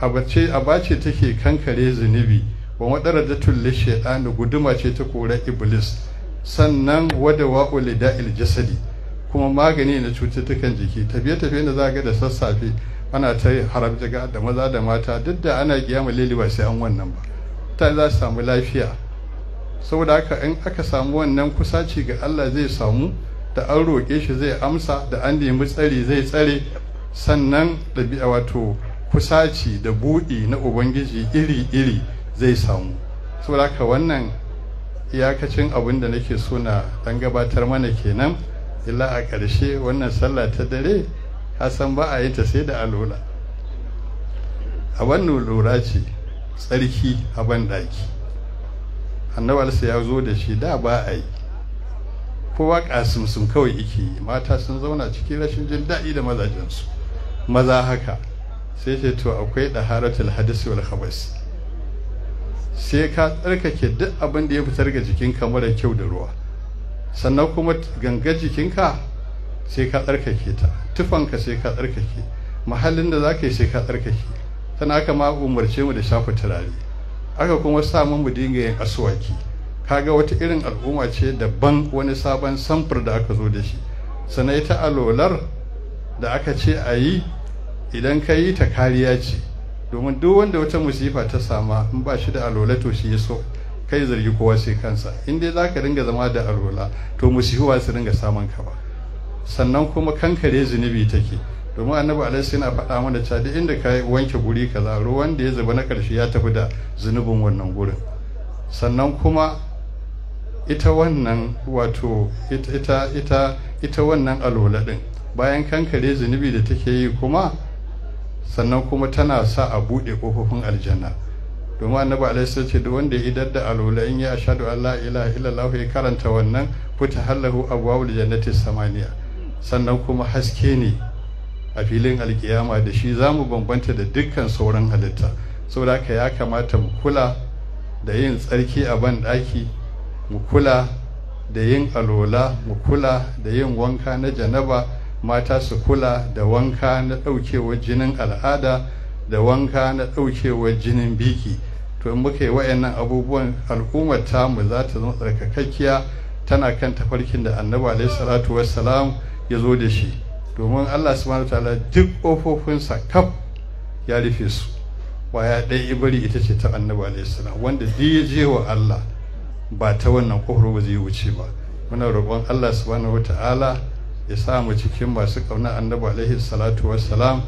abace abace take kankare zunubi wa madara datul na guduma ce ta kora iblis sannan wada wa'u lida'il jasadi kuma magani na cututtukan jiki tafiye tafiye da za ga da sassafe ana ta haram jaga da maza da mata duk da ana giyama lili ba sai an wannan ba ta za su samu lafiya saboda haka in aka samu wannan kusaci ga Allah zai samu da an roƙe shi zai amsa da an nemi tsari zai tsare sannan ɗabi'a wato kusaci da buɗi na ubangiji iri-iri zai samu saboda haka wannan iyakacin abin da nake so na ɗan gabatar mana kenan illa a ƙarshe wannan sallah ta dare hasan ba a yi ta sai da alola a wannan lura ce tsarki a banɗaki annabarsa ya zo da shi da ba a yi kowa kasumsum kawai yake yi mata sun zauna cikin rashin jin daɗi da mazajensu maza haka sai ce to akwai ɗaharatul hadisi wal khabas sai ka tsarkake duk abin da ya fitar ga jikinka mara kyau da ruwa sannan kuma ganga jikinka sai ka tsarkake ta tufanka sai ka tsarkake mahallin da zaka yi sai ka tsarkake tana aka ma umarce mu da shafa turare aka kuma sa mu dinga yin asuwaki. kaga wata irin al'umma ce daban wani sabon samfur da aka zo da shi sanai ta alolar da aka ce a yi idan ka yi ta kariya ce domin duk wanda wata musifa ta sama in ba shi da alola to shi ya so kai zargi kowa sai kansa in dai za ka ringa zama da alola to musihuwa su ringa samun ka sannan kuma kankare zunubi take domin annabi alaihi yana faɗa mana cewa duk inda ka wanke guri kaza ruwan da ya zuba na ƙarshe ya tafi da zunubin wannan gurin sannan kuma ita wannan wato ita ita ita wannan alola din bayan kankare zunubi da take yi kuma sannan kuma tana sa a bude kofofin aljanna domin annabi alaihi ce da wanda ya idar da alola in ya ashadu Allah ilaha illallah ya karanta wannan fita hallahu abwaul jannati samaniya sannan kuma haske ne a filin alkiyama da shi za mu bambanta da dukkan sauran halitta saboda haka ya kamata mu kula da yin tsarki a ban daki mu kula da yin alola mu kula da yin wanka na janaba mata su kula da wanka na ɗaukewar jinin al'ada da wanka na ɗaukewar jinin biki to in muka yi wa'annan abubuwan al'ummar tamu za ta zama tsarkakakkiya tana kan tafarkin da annabi alaihi salatu wassalam ya zo da shi domin allah subhanahu ta'ala duk ƙofofinsa kaf ya rufe su waya ɗaya ibari ita ce ta annabi alaihi salam wanda ya je wa allah ba ta wannan kofar ba zai wuce ba muna roƙon Allah subhanahu wata'ala ya sa mu cikin masu ƙauna annabi alaihi salatu wassalam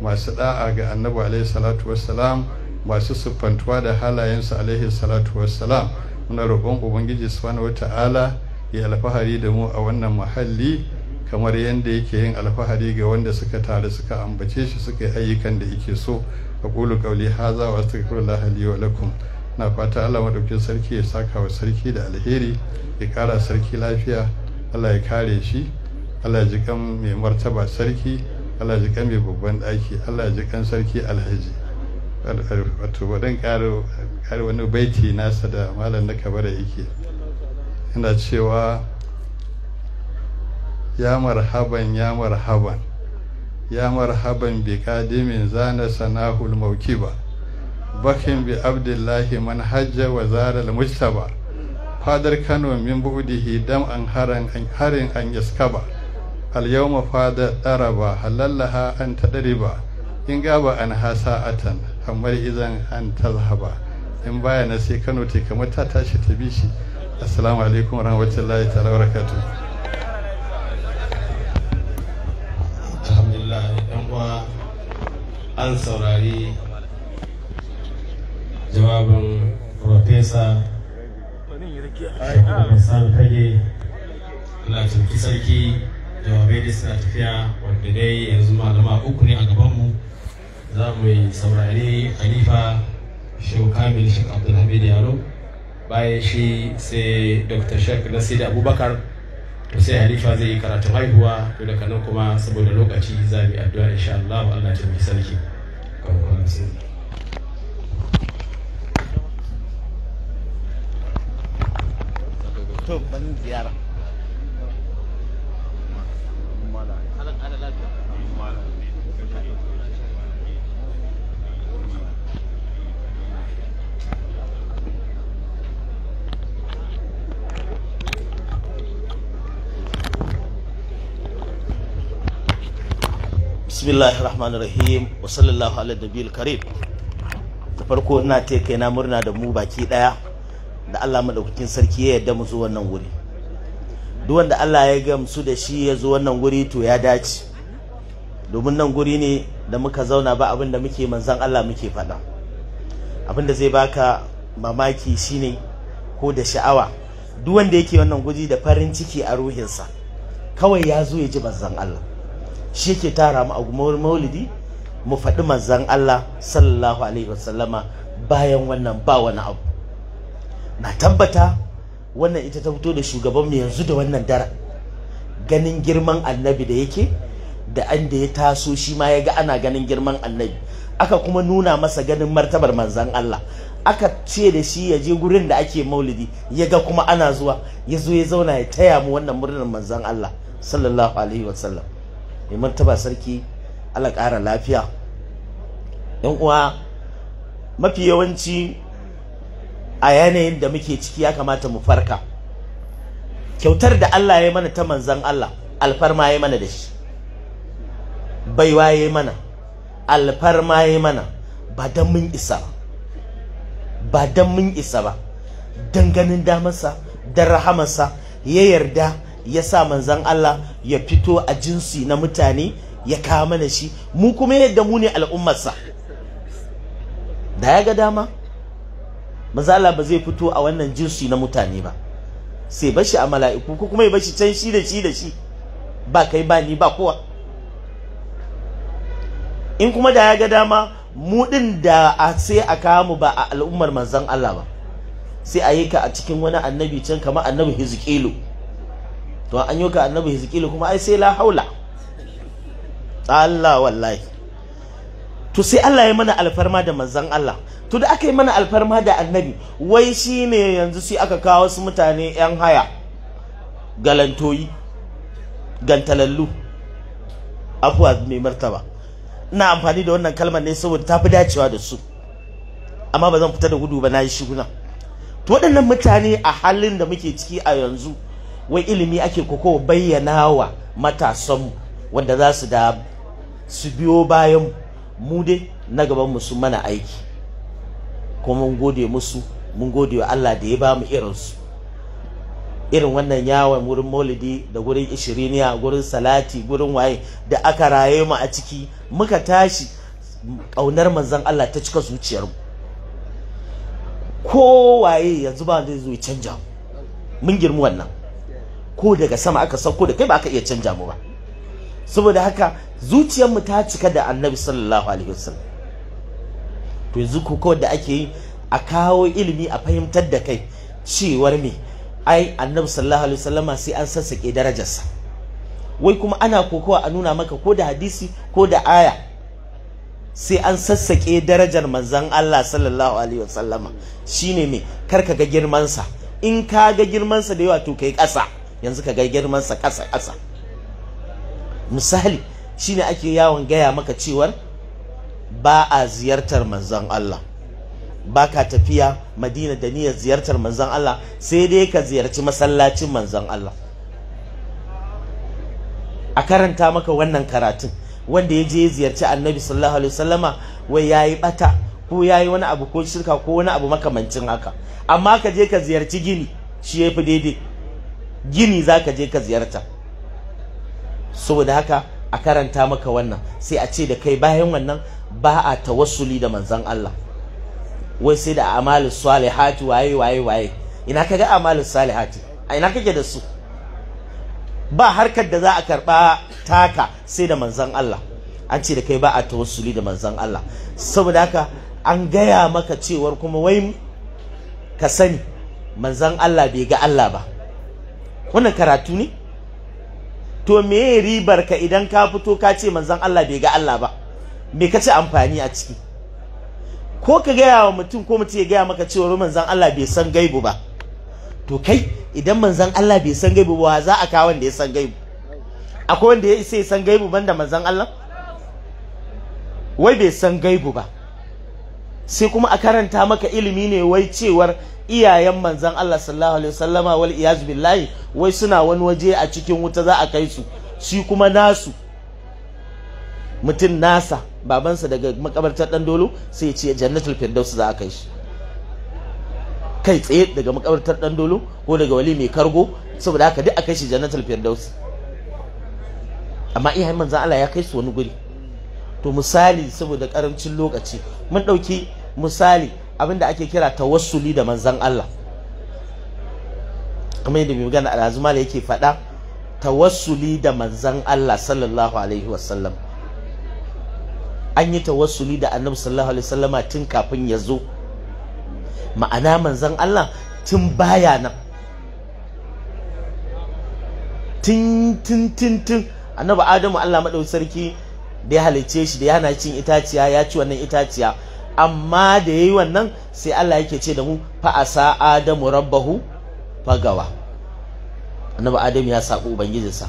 masu ɗa'a ga annabi alaihi salatu wassalam masu siffantuwa da halayensa alaihi salatu wassalam muna roƙon ubangiji subhanahu ta'ala ya alfahari da mu a wannan muhalli kamar yadda yake yin alfahari ga wanda suka taru suka ambace shi suka yi ayyukan da yake so aqulu qawli hadha wa astaghfirullah li wa lakum na fata Allah maɗaukin sarki ya saka wa sarki da alheri ya kara sarki lafiya Allah ya kare shi Allah ya ji kan mai martaba sarki Allah ya ji kan mai babban daki Allah ya ji kan sarki alhaji wato wadan karo kare wani baiti nasa da malam na kabara yake ina cewa ya marhaban ya marhaban ya marhaban bi kadimin zana sanahul ba. bakin bi abdullahi man hajja wa zara mujtaba fadar kano min budihi dam an haran an harin an yaskaba al yawma fada araba halallaha an tadriba in gaba an hasa atan kamar idan an tazhaba in baya na sai kano te kamar ta tashi ta bishi. assalamu alaikum warahmatullahi ta'ala barakatuh alhamdulillah uwa an saurari jawabin profesa da sami fage latinki sarki jawabai da suna tafiya wanda dai yanzu malama uku ne a gabanmu za mu yi saurari khalifa shehu kamil shek abdulhamid yaro bayan shi sai dr shek nasiru abubakar to sai halifa zai yi karatun haihuwa to daga nan kuma saboda lokaci za mu yi addu'a insha Allah Allah ta mai sarki. to ban ziyara bismillahir rahmanir rahim wa sallallahu ala nabiyil karim da farko ina taya kaina murna da mu baki daya da Allah madaukakin sarki ya yarda mu zo wannan wuri duk wanda Allah ya gamsu da shi ya zo wannan wuri to ya dace domin nan guri ne da muka zauna ba abin da muke manzan Allah muke faɗa abin da zai baka mamaki shine ko da sha'awa duk wanda yake wannan guri da farin ciki a ruhinsa kawai ya zo ya ji manzan Allah shi yake tara mu a maulidi mu faɗi manzan Allah sallallahu alaihi wasallama bayan wannan ba wani abu na tabbata wannan ita ta fito da shugabanmu yanzu da wannan dara ganin girman annabi da yake da an da ya taso shi ma ya ga ana ganin girman annabi aka kuma nuna masa ganin martabar manzan Allah aka ce da shi ya je gurin da ake maulidi ya ga kuma ana zuwa ya zo ya zauna ya taya mu wannan murnar manzan Allah sallallahu alaihi wa sallam. mai martaba sarki Allah ƙara lafiya yan uwa mafi yawanci a yanayin da muke ciki ya kamata mu farka kyautar da Allah ya mana ta manzan Allah alfarma ya mana da shi baiwa ya mana alfarma ya mana ba don mun isa ba dan don mun isa ba don ganin damarsa da rahamarsa ya yarda ya sa manzan Allah ya fito a jinsi na mutane ya kawo mana shi mu kuma yadda mu ne al'ummarsa da ya ga dama mazala ba zai fito a wannan jinsi na mutane ba sai bashi a mala'iku ko kuma ya bashi can shi da shi da shi ba kai ba ni ba kowa in kuma da ya ga dama mu din da a sai a kawo mu ba a al'ummar manzon Allah ba sai a yi ka a cikin wani annabi can kamar annabi Hizkilu to an yi ka annabi Hizkilu kuma ai sai la haula Allah wallahi to sai Allah ya mana alfarma da manzon Allah to da aka yi mana alfarma da annabi wai shine yanzu sai aka kawo su mutane yan haya galantoyi gantalallu afuwa mai martaba ina amfani da wannan kalmar ne saboda ta fi dacewa da su amma ba zan fita da gudu ba na yi shiguna to waɗannan mutane a halin da muke ciki a yanzu wai ilimi ake koko bayyana wa matasanmu wanda za su da su biyo bayan mu dai na gaban musu mana aiki kuma mun gode musu mun gode wa Allah da ya ba mu irinsu irin wannan yawon wurin maulidi da wurin ishiriniya wurin salati wurin waye da aka raye mu a ciki muka tashi ƙaunar manzan Allah ta cika zuciyar zuciyarmu kowaye yanzu ba zai zo ya canja mu mun girmu wannan ko daga sama aka sauko da kai ba aka iya canja mu ba saboda haka zuciyarmu ta cika da annabi sallallahu alaihi wasallam yanzu ko kawai da ake yi a kawo ilimi a fahimtar da kai cewar me ai annabi sallallahu alaihi wasallama sai an sassake darajarsa wai kuma ana kokowa a nuna maka ko da hadisi ko da aya sai an sassake darajar manzon Allah sallallahu alaihi wasallama shine me kar ka ga girmansa in ka ga girmansa da yawa to kai ƙasa yanzu ka ga girmansa ƙasa ƙasa misali shine ake yawon gaya maka cewar ba a ziyartar manzon Allah ba ka tafiya madina da niyyar ziyartar manzon Allah sai dai ka ziyarci masallacin manzon Allah a karanta maka wannan karatun wanda ya je ziyarci annabi sallallahu alaihi wasallama wai yayi bata ko yayi wani abu ko shirka ko wani abu makamancin haka amma ka je ka ziyarci gini shi yafi daidai gini zaka je ka ziyarta saboda haka a karanta maka wannan sai a ce da kai bayan wannan ba a tawassuli da manzon Allah wai sai da amalus salihati waye waye waye ina kaga amalus salihati a ina kake da su ba harkar da za a karba taka sai da manzon Allah an ce da kai ba a tawassuli da manzon Allah saboda haka an gaya maka cewar kuma wai ka sani manzon Allah bai ga Allah ba wannan karatu ne to me ribar ka idan ka fito ka ce manzon Allah bai ga Allah ba me ka ci amfani a ciki ko ka gaya wa mutum ko mutum ya gaya maka cewa manzon Allah bai san gaibu ba to kai idan manzon Allah bai san gaibu ba za a kawo wanda ya san gaibu akwai wanda ya isa ya san gaibu banda manzon Allah wai bai san gaibu ba sai kuma a karanta maka ilimi ne wai cewar iyayen manzan Allah sallallahu alaihi wasallama wal iyaz billahi wai suna wani waje a cikin wuta za a kai su shi kuma nasu mutum nasa babansa daga makabartar dan dolo sai ya ce jannatul firdaus za a kai shi kai tsaye daga makabartar dan dolo ko daga wali mai kargo saboda haka duk a kai shi jannatul firdaus amma iyayen manzan Allah ya kai su wani guri to misali saboda karancin lokaci mun ɗauki misali abinda ake kira tawassuli da manzan Allah kamar yadda mai magana al'azuma da yake faɗa tawassuli da manzan Allah sallallahu alaihi wasallam an yi tawassuli da annabi sallallahu alaihi wasallam tun kafin ya zo ma'ana manzan Allah tun baya nan tun tun tun tun annabi Adamu Allah madaukakin sarki da ya halice shi da ya hana cin itaciya ya ci wannan itaciya amma da yayi wannan sai Allah yake ce da mu fa asa adamu rabbahu fagawa annabi adam ya saɓo ubangijinsa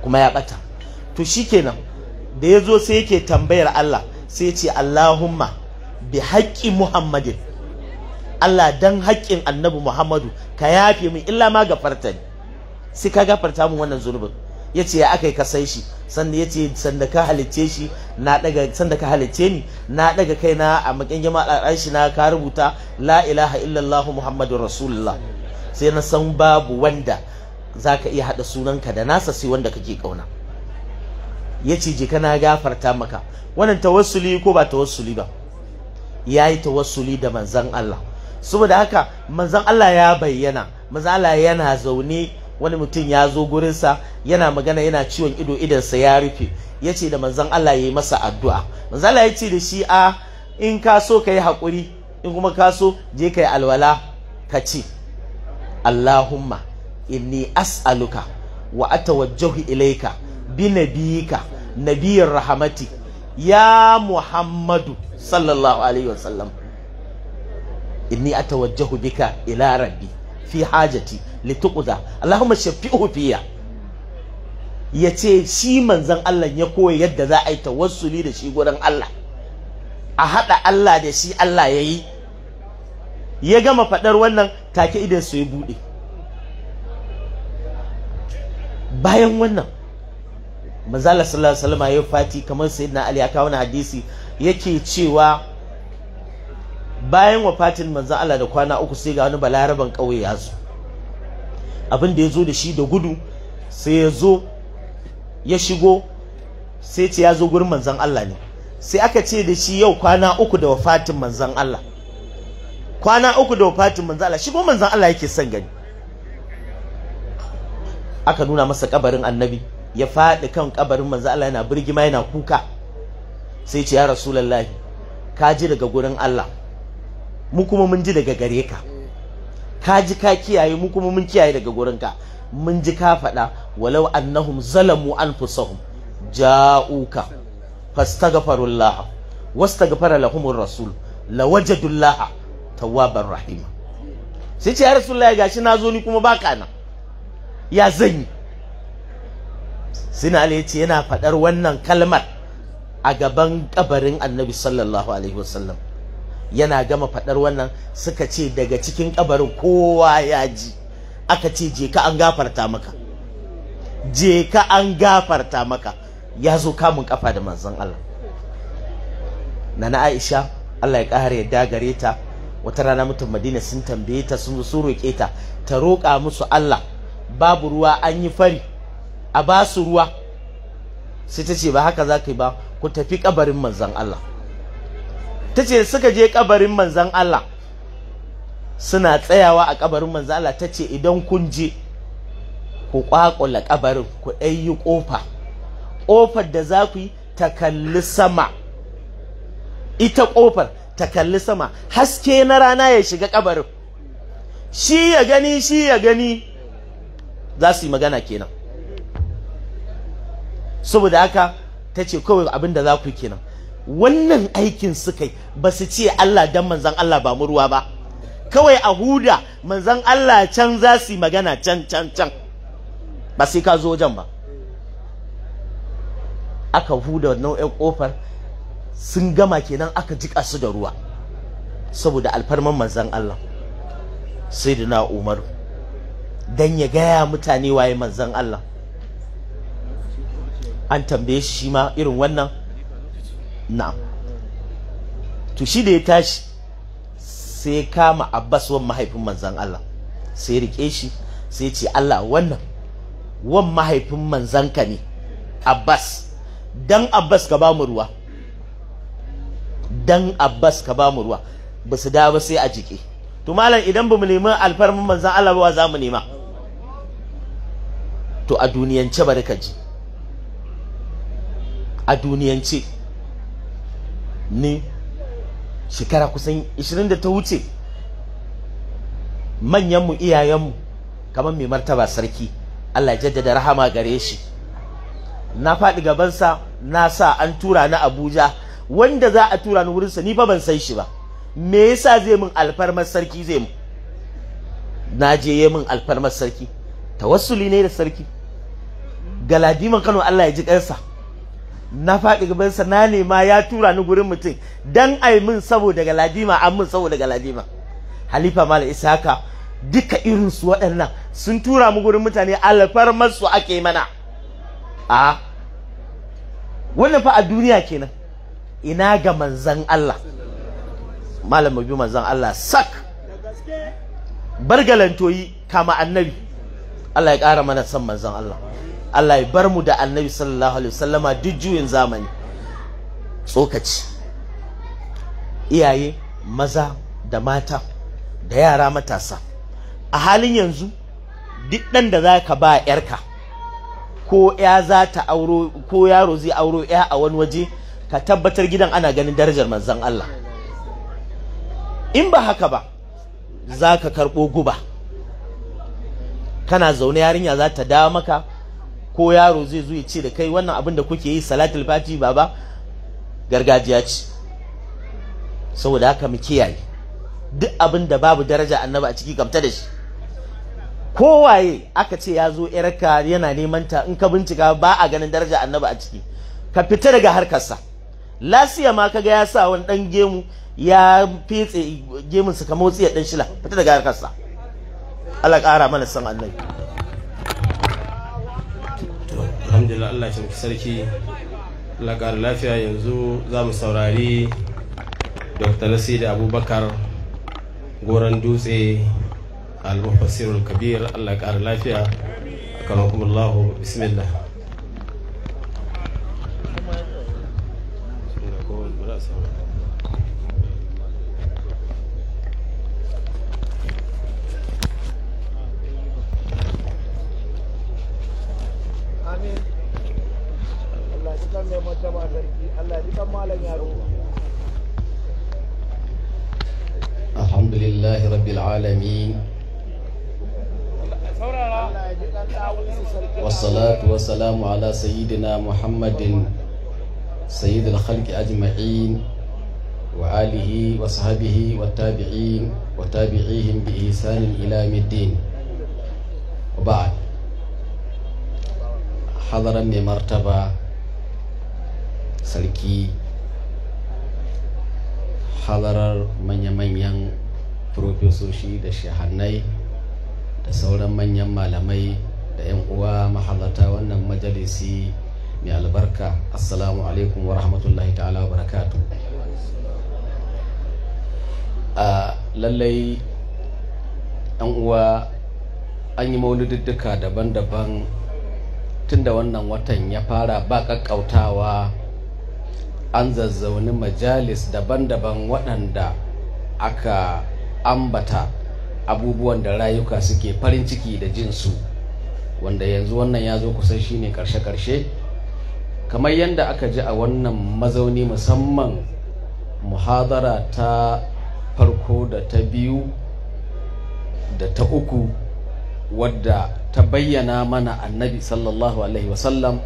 kuma ya bata to shikenan da ya zo sai yake tambayar Allah sai ya ce Allahumma bi haƙƙi Muhammadin Allah dan haƙƙin annabi Muhammadu ka yafe min illa ma gafarta sai ka gafarta min wannan zunubin ya ce ya aka yi kasai shi sanda ya ce sanda ka halicce shi na daga sanda ni na daga kaina a makin jama'a shi na ka rubuta la ilaha illallah muhammadu rasulullah sai na san babu wanda zaka iya hada sunanka da nasa sai wanda kake ƙauna. ya ce je kana gafarta maka wannan tawassuli ko ba tawassuli ba Ya yayi tawassuli da manzan Allah saboda haka manzan Allah ya bayyana manzan Allah yana zaune wani mutum ya zo gurinsa yana magana yana ciwon ido idansa ya rufe ya ce da manzan Allah ya yi masa addu'a manzan Allah ya ce da shi a ah, in ka so ka yi haƙuri in kuma ka so je ka yi alwala ka ce Allahumma inni as'aluka wa atawajjahu ilaika bi nabiyika nabiyir rahamati ya Muhammadu sallallahu alaihi wasallam inni atawajjahu bika ila rabbi fi hajati litukuza Allahumma shafi'uhu fiya yace shi manzon Allah ya koyi yadda za a yi tawassuli da shi gurin Allah a hada Allah da shi Allah yayi ya gama fadar wannan take idan su ya bude bayan wannan manzala sallallahu alaihi wasallam ya fati kamar sayyidina Ali aka wani hadisi yake cewa bayan wafatin manzan Allah da kwana uku sai ga wani balaraban ƙauye ya zo abin da ya zo da shi da gudu sai ya zo ya shigo sai ce ya zo gurin manzan Allah ne sai aka ce da shi yau kwana uku da wafatin manzan Allah kwana uku da wafatin manzan Allah shigo manzan Allah yake son gani aka nuna masa kabarin annabi ya faɗi kan kabarin manzan Allah yana birgima yana kuka sai ce ya rasulullahi ka ji daga gurin Allah mu kuma mun ji daga gare ka ka ji ka kiyaye mu kuma mun kiyaye daga ka, mun ji ka faɗa walau annahum zalamu anfusahum ja'uka fastaghfirullah wastaghfara lahumur rasul lawajadullah tawwaban rahima sai ce ya rasulullahi gashi nazo ni kuma baka na ya zan yi sina ali ce yana faɗar wannan kalmar a gaban kabarin annabi sallallahu alaihi wasallam yana gama faɗar wannan suka ce daga cikin kabarin kowa ya ji aka ce je ka an gafarta maka je ka an gafarta maka ya zo kamun ƙafa da manzon Allah nana Aisha Allah ya ƙara yadda gare ta wata rana mutum Madina sun tambaye ta sun su roƙe ta ta roƙa musu Allah babu ruwa an yi fari a ba su ruwa sai ta ce ba haka za ka yi ba ku tafi kabarin manzon Allah ta ce suka je kabarin manzan Allah suna tsayawa a kabarin manzan Allah ta ce idan kun je ku kwakula kabarin ku ɗayi ƙofa ƙofar da za ku yi ta kalli sama ita ƙofar ta kalli sama haske na rana ya shiga kabarin shi ya gani shi ya gani za su yi magana kenan saboda haka ta ce kawai abin da za ku kenan wannan aikin suka yi ba su ce Allah dan manzan Allah ba mu ruwa ba kawai a huda manzan Allah can za su yi magana can can can ba sai ka zo wajen ba aka huda nau'in kofar sun gama kenan aka jika su da ruwa saboda alfarman manzan Allah Sai na Umar dan ya gaya mutane waye manzan Allah an tambaye shi ma irin wannan na'am to shi da ya tashi sai ya kama Abbas wan mahaifin manzan Allah sai ya rike shi sai ce Allah wannan wan mahaifin ka ne Abbas dan Abbas ka ba mu ruwa dan Abbas ka ba mu ruwa ba su ba sai a jike to malam idan ba mu nemi alfarmin manzan Allah ba za mu nema to a duniyance bari ka ji a duniyance ni shekara kusan 20 da ta wuce manyanmu iyayenmu kamar mai martaba sarki Allah jaddada rahama gare shi na faɗi gabansa na sa an tura ni Abuja wanda za a tura ni wurinsa ni fa ban san shi ba me yasa zai min alfarmar sarki zai mu na je yi min alfarmar sarki tawassuli ne da sarki galadiman Kano Allah ya ji kansa na faɗi gaban sa na nema ya tura ni gurin mutum dan ai min saboda galadima an min saboda galadima halifa mala isaka duka irin su waɗannan sun tura mu gurin mutane su ake mana a wannan fa a duniya kenan ina ga manzan Allah malam mabi manzan Allah sak bargalantoyi kama annabi Allah ya ƙara mana san manzan Allah Allah ya bar mu da annabi sallallahu alaihi wasallama duk juyin zamani tsokaci iyaye maza da mata da yara matasa a halin yanzu duk ɗan da za ka ba yarka ko ya za ta auro ko yaro zai auro ya a wani waje ka tabbatar gidan ana ganin darajar manzon Allah in ba haka ba za ka karɓo guba kana zaune yarinya za ta dawo maka ko yaro zai zo ya ce da kai wannan abin da kuke yi salatul fati baba gargajiya ce saboda haka mu kiyaye duk abin da babu daraja annabi a ciki gamta da shi kowaye aka ce ya zo yarka yana neman ta in ka bincika ba a ganin daraja annabi a ciki ka fita daga harkarsa lasiya ma kaga ya sa wani dan gemu ya fetse gemun ka motsi wutsiyar dan shila fita daga harkarsa Allah ƙara mana san annabi alhamdulillah Allah shi sarki Allah lafiya yanzu za mu saurari Dr. Nasiri Abubakar goron dutse al-mufassirul kabir Allah ƙara lafiya akan hukumullahu bismillah الحمد لله رب العالمين والصلاة والسلام على سيدنا محمد سيد الخلق أجمعين وآله وصحبه والتابعين وتابعيهم بإحسان إلى الدين وبعد hadaran mai martaba sarki hadarar manya-manyan profesoshi da shahannai da sauran manyan malamai da 'yan uwa mahalarta wannan majalisi mai albarka assalamu alaikum wa rahmatullahi ta'ala wa barakatu a lallai 'yan uwa an yi maulidudduka daban-daban tun da wannan watan ya fara ba kakkautawa an zazzauni majalis daban-daban waɗanda aka ambata abubuwan da rayuka suke farin ciki da jinsu wanda yanzu wannan ya zo kusan shine karshe-karshe kamar yadda aka ji a wannan mazauni musamman muhadara ta farko da ta biyu da ta uku wadda ta bayyana mana annabi sallallahu alaihi wasallam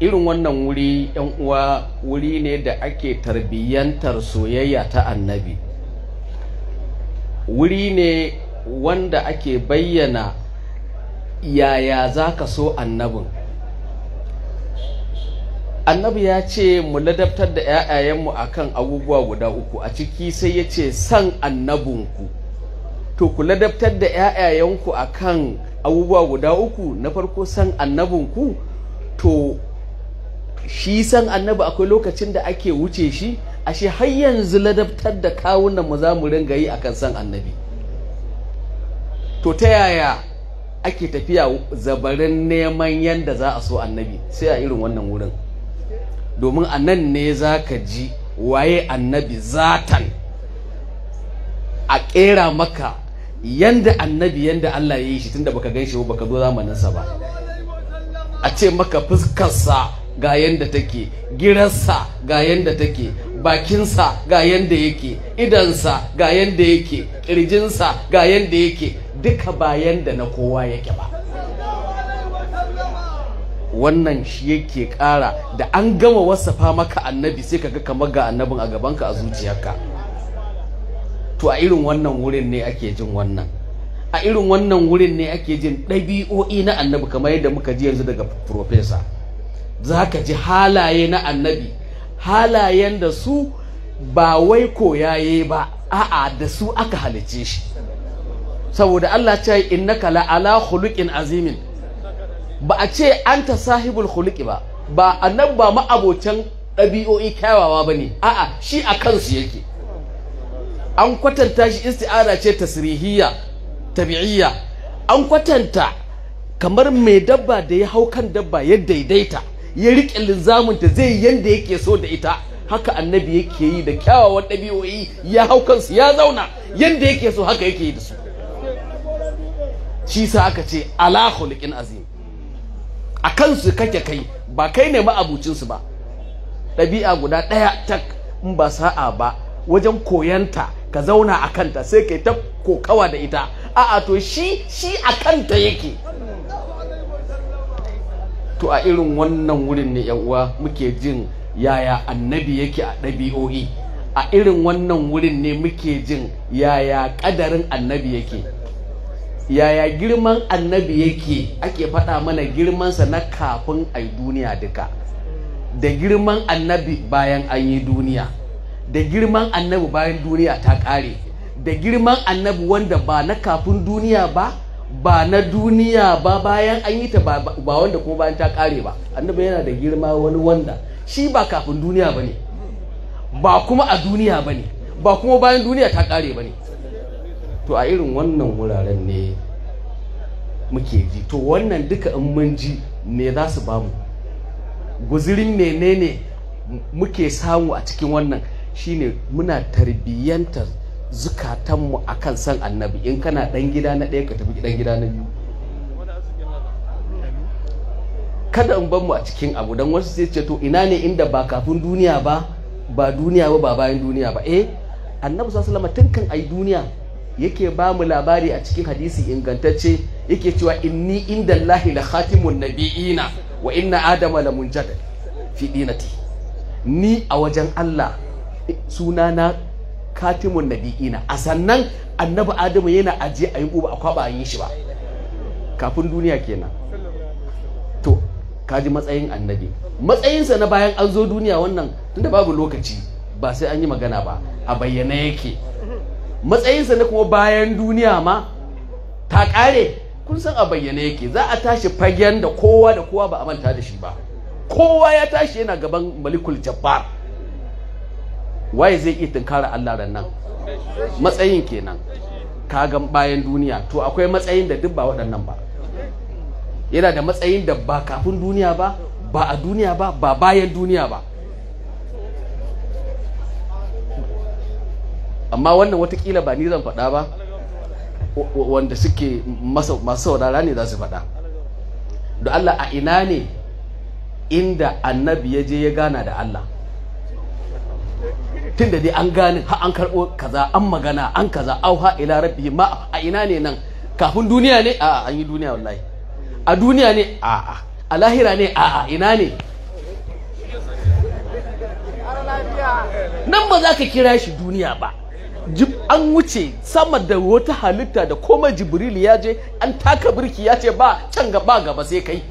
irin wannan wuri yan uwa wuri ne da ake tarbiyyantar soyayya ta annabi wuri ne wanda ake bayyana yaya za ka so annabin annabi ya ce mu ladabtar da 'ya'yayenmu akan abubuwa guda uku a ciki sai ya ce san annabinku to ku ladabtar da 'ya'yayenku kan abubuwa guda uku na farko san annabinku to shi san annabi akwai lokacin da ake wuce shi ashe har yanzu ladabtar da kawunan mu za mu ringa yi akan san annabi to ta yaya ake tafiya zabarin neman yanda za a so annabi sai a irin wannan wurin domin a nan ne za ka ji waye annabi zatan a ƙera maka yanda annabi yanda Allah ya yi shi tunda baka ganshi ba baka zo zamaninsa ba a ce maka fuskarsa ga yanda take girarsa ga yanda take bakinsa ga yanda yake idansa ga yanda yake kirjinsa ga yanda yake duka ba yanda na kowa yake ba wannan shi yake kara da an gama wasafa maka annabi sai ka ga kamar ga annabin a gabanka a zuciyarka to a irin wannan wurin ne ake jin wannan a irin wannan wurin ne ake jin ɗabi'o'i na annabi kamar yadda muka ji yanzu daga profesa za ka ji halaye na annabi halayen da su ba wai koyaye ba a'a da su aka halice shi saboda Allah ce innaka kala ala khuluqin azimin ba a ce anta sahibul khuluqi ba ba annabi ba ma'abocin ɗabi'o'i kyawawa bane a'a shi a kansu yake an kwatanta shi isti'ara ce tasrihiya, tabi'iyya an kwatanta kamar mai dabba da ya hau kan dabba ya daidaita ya riƙe ta zai yanda yake so da ita haka annabi yake yi da kyawawan ɗabi'o'i ya hau kansu ya zauna yanda yake so haka yake yi da su shi sa aka ce ala khuluqin azim a kansu kake kai ba kai ne ma'abucinsu ba ɗabi'a guda ɗaya tak in ba sa'a ba wajen koyanta ka zauna a kanta sai ka yi ta kokawa da ita a'a to shi shi a kanta yake to a irin wannan wurin ne uwa muke jin yaya annabi yake a ɗabi'o'i a irin wannan wurin ne muke jin yaya ƙadarin annabi yake yaya girman annabi yake ake faɗa mana girmansa na kafin a duniya duka da girman annabi bayan an yi duniya da girman annabi bayan duniya ta ƙare da girman annabi wanda ba na kafin duniya ba ba na duniya ba bayan an yi ta ba wanda kuma bayan ta ƙare ba annabi yana da girma wani wanda shi ba kafin duniya ba ne ba kuma a duniya ba ne ba kuma bayan duniya ta ƙare ba ne to a irin wannan wuraren ne muke ji to wannan duka in mun ji me za su bamu guzirin menene muke samu a cikin wannan shine muna tarbiyyantar zukatanmu a kan san annabi in kana dan gida na daya ka tafi dan gida na biyu kada in banmu a cikin abu don wasu sai ce to ina ne inda ba kafin duniya ba ba duniya ba ba bayan duniya ba eh annabi sallallahu tun kan ai duniya yake ba mu labari a cikin hadisi ingantacce yake cewa inni inda lahi la khatimun nabiyina wa inna adama la munjada fi dinati ni a wajen Allah suna na katimun nabi'ina a sannan annabi adamu yana ajiye a yi ba a kwaba a yi shi ba kafin duniya kenan to kaji matsayin annabi matsayinsa na bayan an zo duniya wannan tunda babu lokaci ba sai an yi magana ba a bayyana yake matsayinsa na kuma bayan duniya ma ta kare kun san a bayyane yake za a tashi fagen da kowa da kowa ba a manta da shi ba kowa ya tashi yana gaban malikul jabbar waye zai iya tunkara Allah ran nan matsayin kenan kagan bayan duniya to akwai matsayin da duk ba waɗannan ba yana da matsayin da ba kafin duniya ba ba a duniya ba ba bayan duniya ba amma wannan watakila ba ni zan faɗa ba wanda suke masu saurara ne za su faɗa da Allah a ina ne inda annabi ya je ya gana da Allah tun da dai an gane ha an karɓo kaza an magana an kaza au ha ila rabbi ma a ina ne nan kafin duniya ne a'a an yi duniya wallahi a duniya ne a'a a lahira ne a'a ina ne nan ba za ka kira shi duniya ba an wuce sama da wata halitta da komai jibril ya je an taka birki ya ce ba can gaba gaba sai kai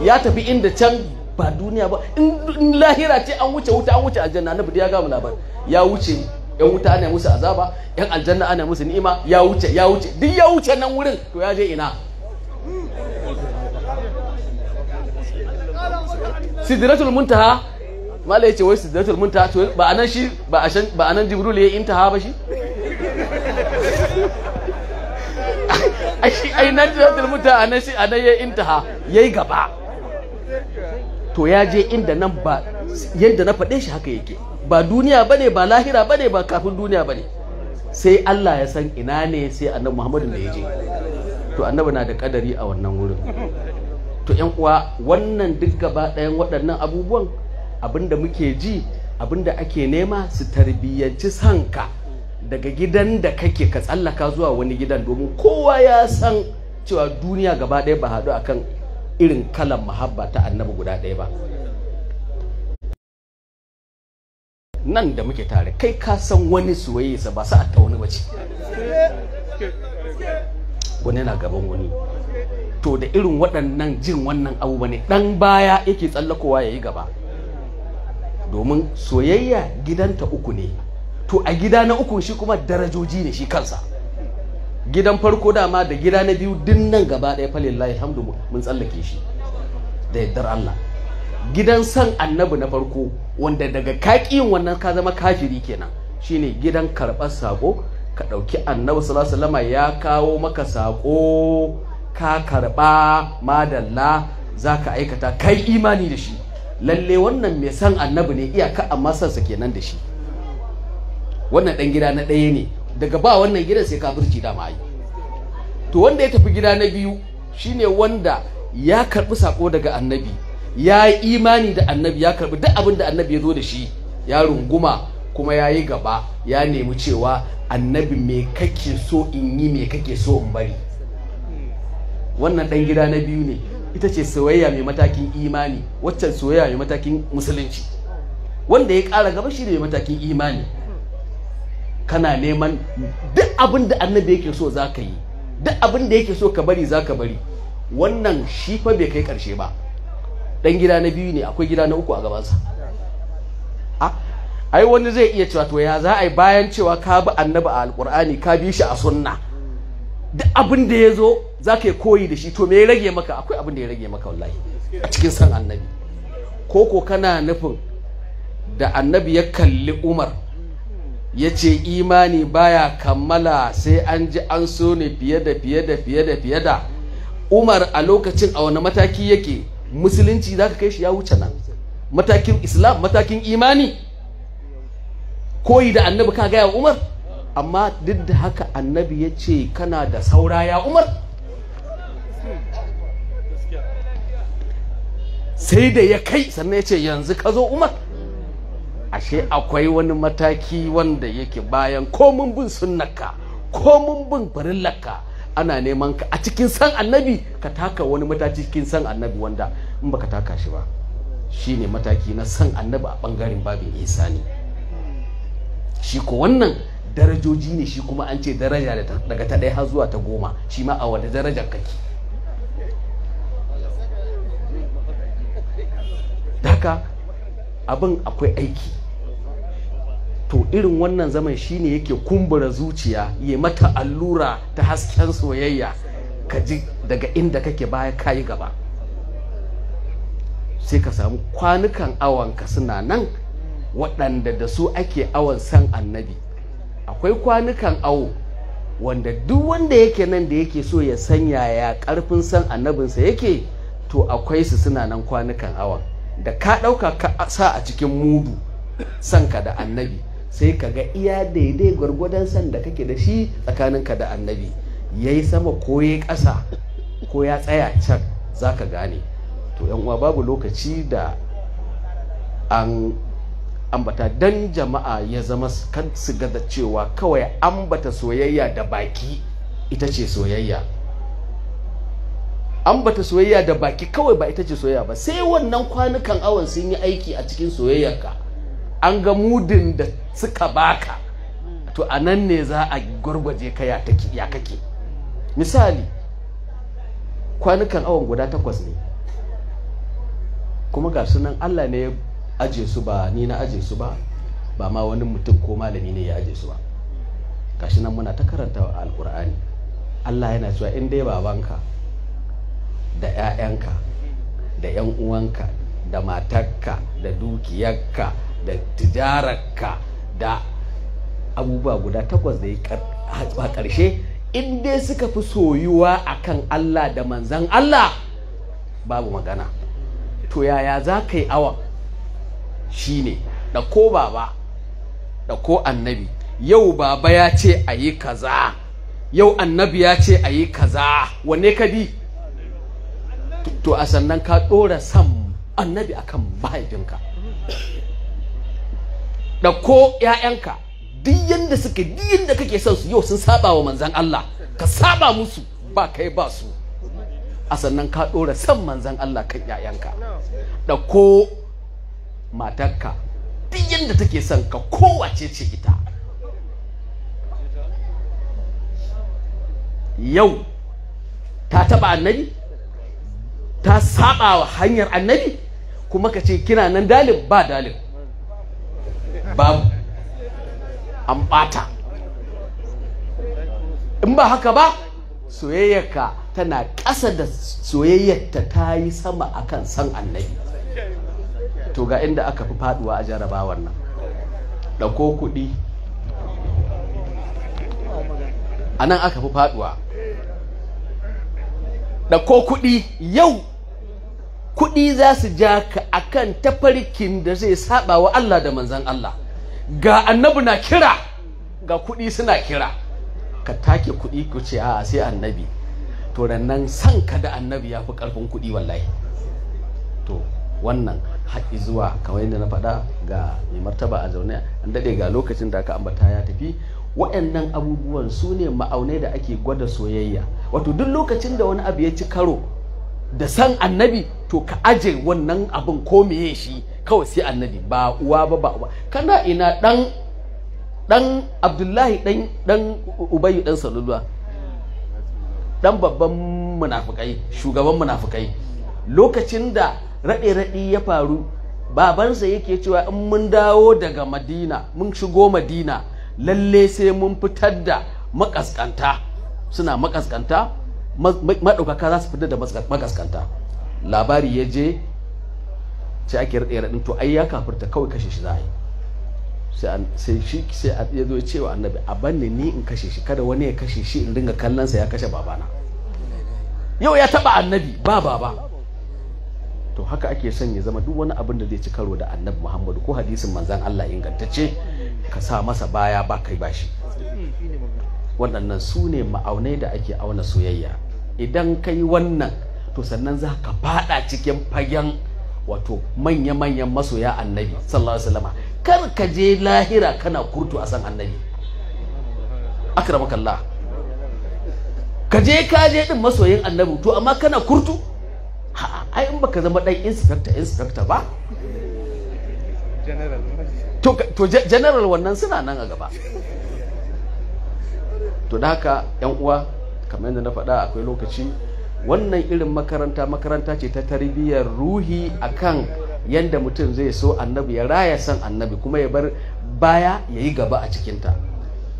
ya tafi inda can ba duniya ba in lahira ce an wuce wuta an wuce aljanna annabi ya gamu labar ya wuce yan wuta ana musu azaba yan aljanna ana musu ni'ima ya wuce ya wuce duk ya wuce nan wurin to ya je ina sidratul muntaha mala yace wai sidratul muntaha to ba anan shi ba shan ba anan jibril ya intaha ba shi ai ai nan sidratul muntaha anan shi anan ya intaha yayi gaba to ya je inda nan ba yadda na faɗe shi haka yake ba duniya bane ba lahira bane ba kafin duniya bane sai Allah ya san ina ne sai annabi Muhammadu da ya je to annabi na da kadari a wannan wurin to yan uwa wannan duk gaba ɗayan waɗannan abubuwan abinda muke ji abinda ake nema su tarbiyyanci sanka daga gidan da kake ka tsallaka zuwa wani gidan domin kowa ya san cewa duniya gaba ɗaya ba haɗu akan irin kalan mahabba ta annabi guda ɗaya ba nan da muke tare kai ka san wani soyayya ba sa ta wani bace wani yana gaban wani to da irin waɗannan jin wannan abu ne ɗan baya yake tsallakowa ya yi gaba domin soyayya gidanta uku ne to a gida na uku shi kuma darajoji ne shi kansa gidan farko dama da gida na biyu din nan gaba ɗaya falillahi hamdu mun tsallake shi da yaddar Allah gidan san annabi na farko wanda daga kaƙiyin wannan ka zama kafiri kenan shine gidan karɓar sako ka ɗauki annabi sallallahu ya kawo maka sako ka karɓa madalla za ka aikata kai imani da shi lalle wannan mai san annabi ne iyaka amma sansa kenan da shi wannan ɗan gida na ɗaya ne daga ba wannan gidan sai kafirci dama yi to wanda ya tafi gida na biyu shine wanda ya karbi sako daga annabi ya yi imani da annabi ya karbi duk abin da annabi ya zo da shi ya runguma kuma ya yi gaba ya nemi cewa annabi me kake so in yi me kake so in bari wannan dan gida na biyu ne ita ce soyayya mai matakin imani waccan soyayya mai matakin musulunci wanda ya kara gaba shi ne mai matakin imani kana neman duk abin da annabi yake so za ka yi duk abin da yake so ka bari za ka bari wannan shi fa bai kai karshe ba dan gida na biyu ne akwai gida na uku a gabansa ai wani zai iya cewa to ya za a yi bayan cewa ka bi annabi a alkur'ani ka bi shi a sunna duk abin da ya zo za ka koyi da shi to me ya rage maka akwai abin da ya rage maka wallahi a cikin san annabi koko kana nufin da annabi ya kalli umar ya ce imani baya kammala sai an ji an so ne fiye da fiye da fiye da fiye da umar a lokacin a wani mataki yake musulunci za ka kai shi ya wuce nan matakin islam matakin imani koyi da annabi ka gaya umar amma duk da haka annabi ya ce kana da saura ya umar sai da ya kai sannan ya ce yanzu ka zo umar ashe akwai wani mataki wanda yake bayan komun bin sunnaka komun bin farillaka ana neman ka a cikin san annabi ka taka wani mataki cikin san annabi wanda in baka taka shi ba shine mataki na san annabi a bangaren babin isani shi ko wannan darajoji ne shi kuma an ce daraja daga ta ɗaya har zuwa ta goma shi ma a wani darajar kake daka abin akwai aiki to irin wannan zaman shine yake kumbura zuciya ya mata allura ta hasken soyayya ka ji daga inda kake baya kayi gaba sai ka samu kwanukan awanka suna nan waɗanda da su ake awon san annabi akwai kwanukan awo wanda duk wanda yake nan da yake so ya sanya ya ƙarfin san annabinsa yake to akwai su suna nan kwanukan awon da ka ɗauka ka sa a cikin mudu sanka da annabi sai ka ga iya daidai gwargwadon san da kake da shi ka da annabi ya yi sama ko ya ƙasa ko ya tsaya can za ka gane to uwa babu lokaci da an ambata don jama'a ya zama su gada cewa kawai ambata soyayya da baki ita ce soyayya bata soyayya da baki kawai ba ita ce soyayya ba sai wannan kwanukan awon sun yi aiki a cikin soyayyarka an ga mudin da suka baka to a nan ne za a gwargwaje ka ya kake misali kwanukan awon guda takwas ne kuma ga sunan allah ne ya aje su ba ni na aje su ba ba ma wani mutum ko malami ne ya aje su ba gashi nan muna ta karanta alkur'ani allah yana cewa in dai babanka da 'ya'yanka da 'yan uwanka da matarka da dukiyarka da tijararka da abubuwa guda takwas da ya ƙarshe in dai suka fi soyuwa akan Allah da manzan Allah babu magana to yaya za ka yi awa shi ne da ko baba da ko annabi yau baba ya ce a yi kaza yau annabi ya ce a yi kaza wanne ka bi to a sannan ka ɗora san annabi akan mahaifinka ɗauko ƴaƴanka duk yanda suke duk yanda kake son su yau sun saba wa manzan Allah ka saba musu ba kai ba su a sannan ka ɗora son manzan Allah kan ‘ya'yanka ɗauko matarka duk yanda take son ka kowace ce ita yau ta taba annabi ta saba wa hanyar annabi kuma ka ce kina nan dalib ba dalib babu an ɓata in ba haka ba soyayyarka tana ƙasa da soyayyarta ta yi sama akan san annabi to ga inda aka fi faduwa a jarabawar nan ɗauko kuɗi a nan aka fi faduwa ɗauko kuɗi yau kuɗi za su ja ka a kan tafarkin da zai saba wa Allah da manzan Allah ga annabi na kira ga kuɗi suna kira ka take kuɗi ku ce a sai annabi to nan san ka da annabi ya fi ƙarfin kuɗi wallahi to wannan haƙi zuwa kawai da na faɗa ga mai martaba a zaune an daɗe ga lokacin da aka ambata ya tafi waɗannan abubuwan su ne ma'aunai da ake gwada soyayya wato duk lokacin da wani abu ya ci karo da san annabi to ka aje wannan abin ko meye shi kawai sai annabi ba uwa ba ba uwa kana ina dan dan abdullahi dan dan ubayi dan salulwa dan babban munafikai shugaban munafikai lokacin da raɗe raɗe ya faru babansa yake cewa in mun dawo daga madina mun shigo madina lalle sai mun fitar da makaskanta suna makaskanta maɗaukaka za su fitar da magaskanta labari ya je sai ake raɗe raɗin to ai ya kafirta kawai kashe shi za a yi sai shi sai ya zo cewa annabi a banne ni in kashe shi kada wani ya kashe shi in ringa kallonsa ya kashe babana yau ya taɓa annabi ba baba to haka ake son ya zama duk wani abin da zai ci karo da annabi muhammadu ko hadisin manzan allah ingantacce ka sa masa baya ba kai bashi. waɗannan su ne ma'aunai da ake auna soyayya idan ka yi wannan to sannan za ka fada cikin fagen wato manya-manyan masoya annabi sallallahu alaihi wasallam kar ka je lahira kana kurtu a san annabi akramakallah ka je ka je din masoyin annabi to amma kana kurtu ha ai in baka zama dan inspector inspector ba general to general wannan suna nan a gaba to da haka yan uwa kamar yadda na faɗa akwai lokaci wannan irin makaranta makaranta ce ta tarbiyyar ruhi a kan yadda mutum zai so annabi ya raya san annabi kuma ya bar baya ya yi gaba a cikinta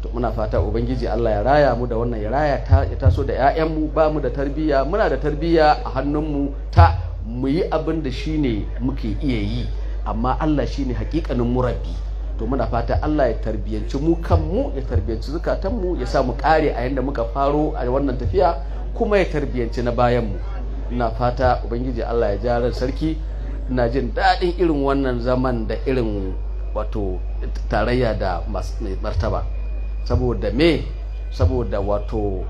to muna fata ubangiji Allah ya raya mu da wannan ya raya ta ya taso da 'ya'yanmu ba mu da tarbiyya muna da tarbiyya a hannunmu ta mu yi abin da shine muke iya yi amma Allah shine hakikanin murabbi to muna fata Allah ya tarbiyanci mu kanmu ya tarbiyanci zukatanmu ya sa mu kare a yanda muka faro a wannan tafiya kuma ya tarbiyanci na bayanmu ina fata ubangiji Allah ya ja sarki ina jin daɗin irin wannan zaman da irin wato tarayya da martaba saboda me saboda wato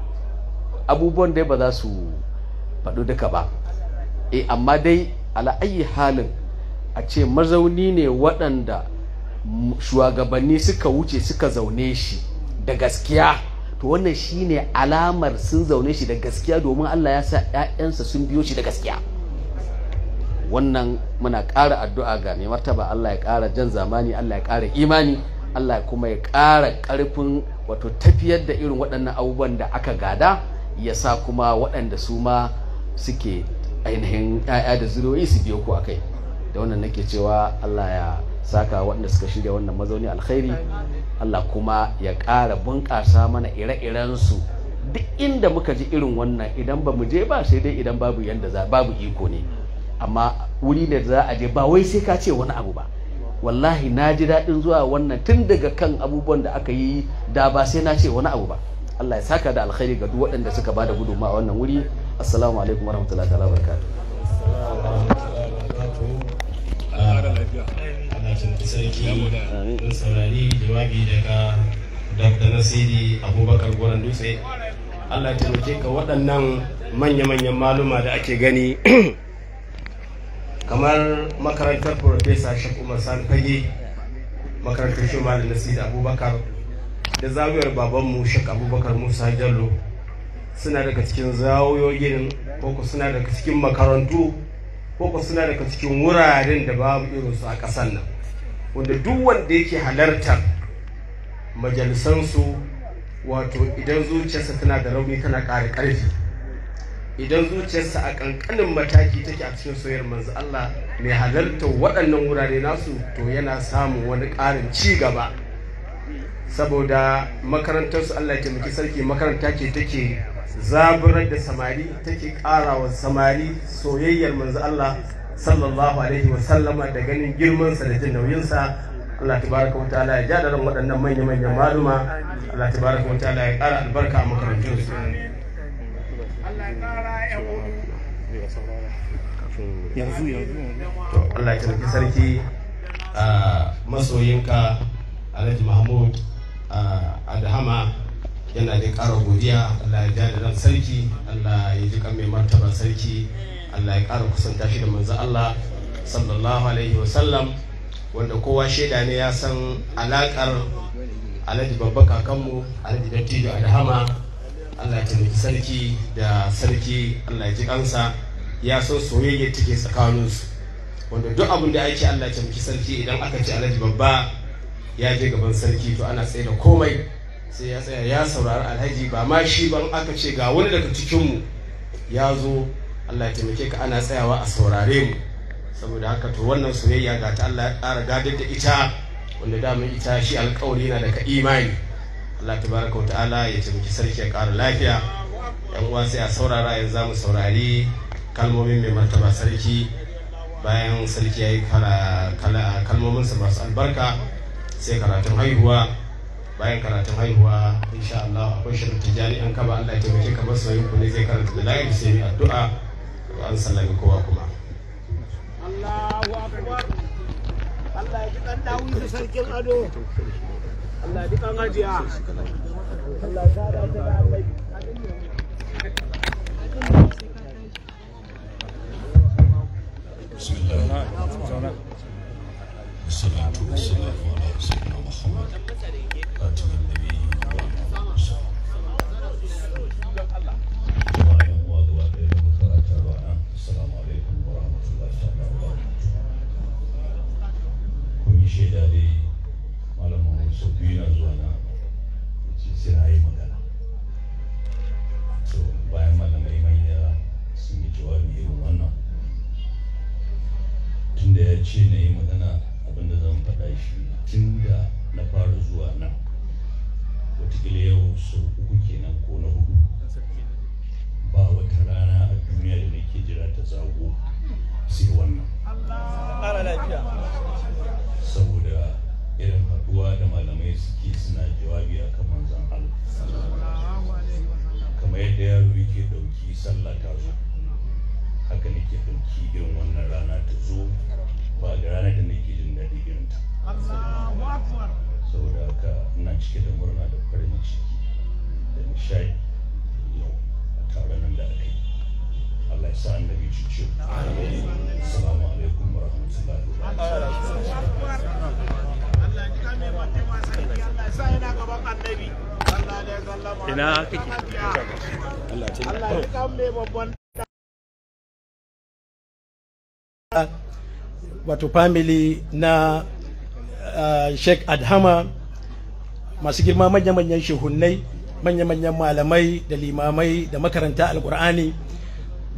abubuwan dai ba za su faɗu duka ba Eh amma dai ala halin a ce mazauni ne waɗanda shugabanni suka wuce suka zaune shi da gaskiya to wannan shine alamar sun zaune shi da gaskiya domin Allah ya sa ƴaƴansa sun biyo shi da gaskiya wannan muna ƙara addu'a ga mai martaba Allah ya ƙara jan zamani Allah ya ƙara imani Allah kuma ya ƙara ƙarfin wato tafiyar da irin waɗannan abubuwan da aka gada ya sa kuma waɗanda su ma suke ainihin 'ya'ya da zuriyoyi su biyo ku a kai da wannan nake cewa Allah ya saka waɗanda suka shirya wannan mazauni alkhairi Allah kuma ya ƙara bunƙasa mana ire-irensu duk inda muka ji irin wannan idan ba mu je ba sai dai idan babu yanda za babu iko ne amma wuri da za a je ba wai sai ka ce wani abu ba wallahi na ji daɗin zuwa wannan tun daga kan abubuwan da aka yi da ba sai na ce wani abu ba Allah ya saka da alkhairi ga duk waɗanda suka ba da gudunmawa wannan wuri assalamu alaikum warahmatullahi ta'ala maɗaukakin sarki don saurari jawabi daga dr nasiri abubakar goron dutse allah taimake ka waɗannan manya-manyan maluma da ake gani kamar makarantar profesa shek umar sani fage makarantar shuma da nasiri abubakar da zawiyar babanmu shek abubakar musa jallo suna daga cikin zawiyoyin ko suna daga cikin makarantu ko suna daga cikin wuraren da babu irinsu a ƙasar nan wanda duk wanda yake halartar majalisansu wato idan zuciyarsa tana da rauni tana ƙara ƙarfi idan zuciyarsa a ƙanƙanin mataki take a cikin soyayyar manzo Allah mai halartar waɗannan wurare nasu to yana samun wani ƙarin ci gaba saboda makarantarsu Allah ya taimaki sarki makaranta ce take zaburar da samari take ƙara wa samari soyayyar manzo Allah sallallahu alaihi wa sallama da ganin girmansa da jin nauyinsa Allah tabaraka wa ta'ala ya jadaran waɗannan manya manyan maluma Allah tabaraka wa ta'ala ya ƙara albarka a makarantun su yanzu yanzu to Allah ya tarki sarki masoyinka Alhaji Mahmud Adhama yana da ƙara godiya Allah ya jadaran sarki Allah ya ji kan mai martaba sarki Allah ya ƙara kusanta shi da manzo Allah sallallahu alaihi wasallam wanda kowa shaida ne ya san alaƙar alhaji babba kakanmu alhaji dattijo alhama Allah ya taimaki sarki da sarki Allah ya ji kansa ya san soyayya take tsakaninsu wanda duk abin da ake Allah ya taimaki sarki idan aka ce alhaji babba ya je gaban sarki to ana tsaye da komai sai ya tsaya ya saurari alhaji ba ma shi ban aka ce ga wani daga cikinmu ya zo Allah ya taimake ka ana tsayawa a saurare mu saboda haka to wannan soyayya ga ta Allah ya ƙara gadar da ita wanda damun ita shi alƙawari na daga imani Allah tabaraka wa ta'ala ya taimaki sarki ya ƙara lafiya yan uwa sai a saurara yanzu zamu saurari kalmomin mai martaba sarki bayan sarki ya yi kalmomin kalmominsa masu albarka sai karatun haihuwa bayan karatun haihuwa insha Allah akwai shirin tijani an kaba Allah ya taimake kamar ku ne zai karanta da lafiya sai addu'a ko an sallami kowa kuma Allahu akbar Allah ya ji dan dawo sarkin ado Allah Allah da da dai malamin su biyu na zuwa na sai na yi magana to bayan malamai manya sun yi jawabi irin wannan tunda ya ce na yi magana abinda zan faɗa shi tunda na fara zuwa nan watakila yau sau watu wato family na uh, sheikh adhama masu girma manya-manyan shuhunai manya-manyan malamai da limamai da makaranta alkur'ani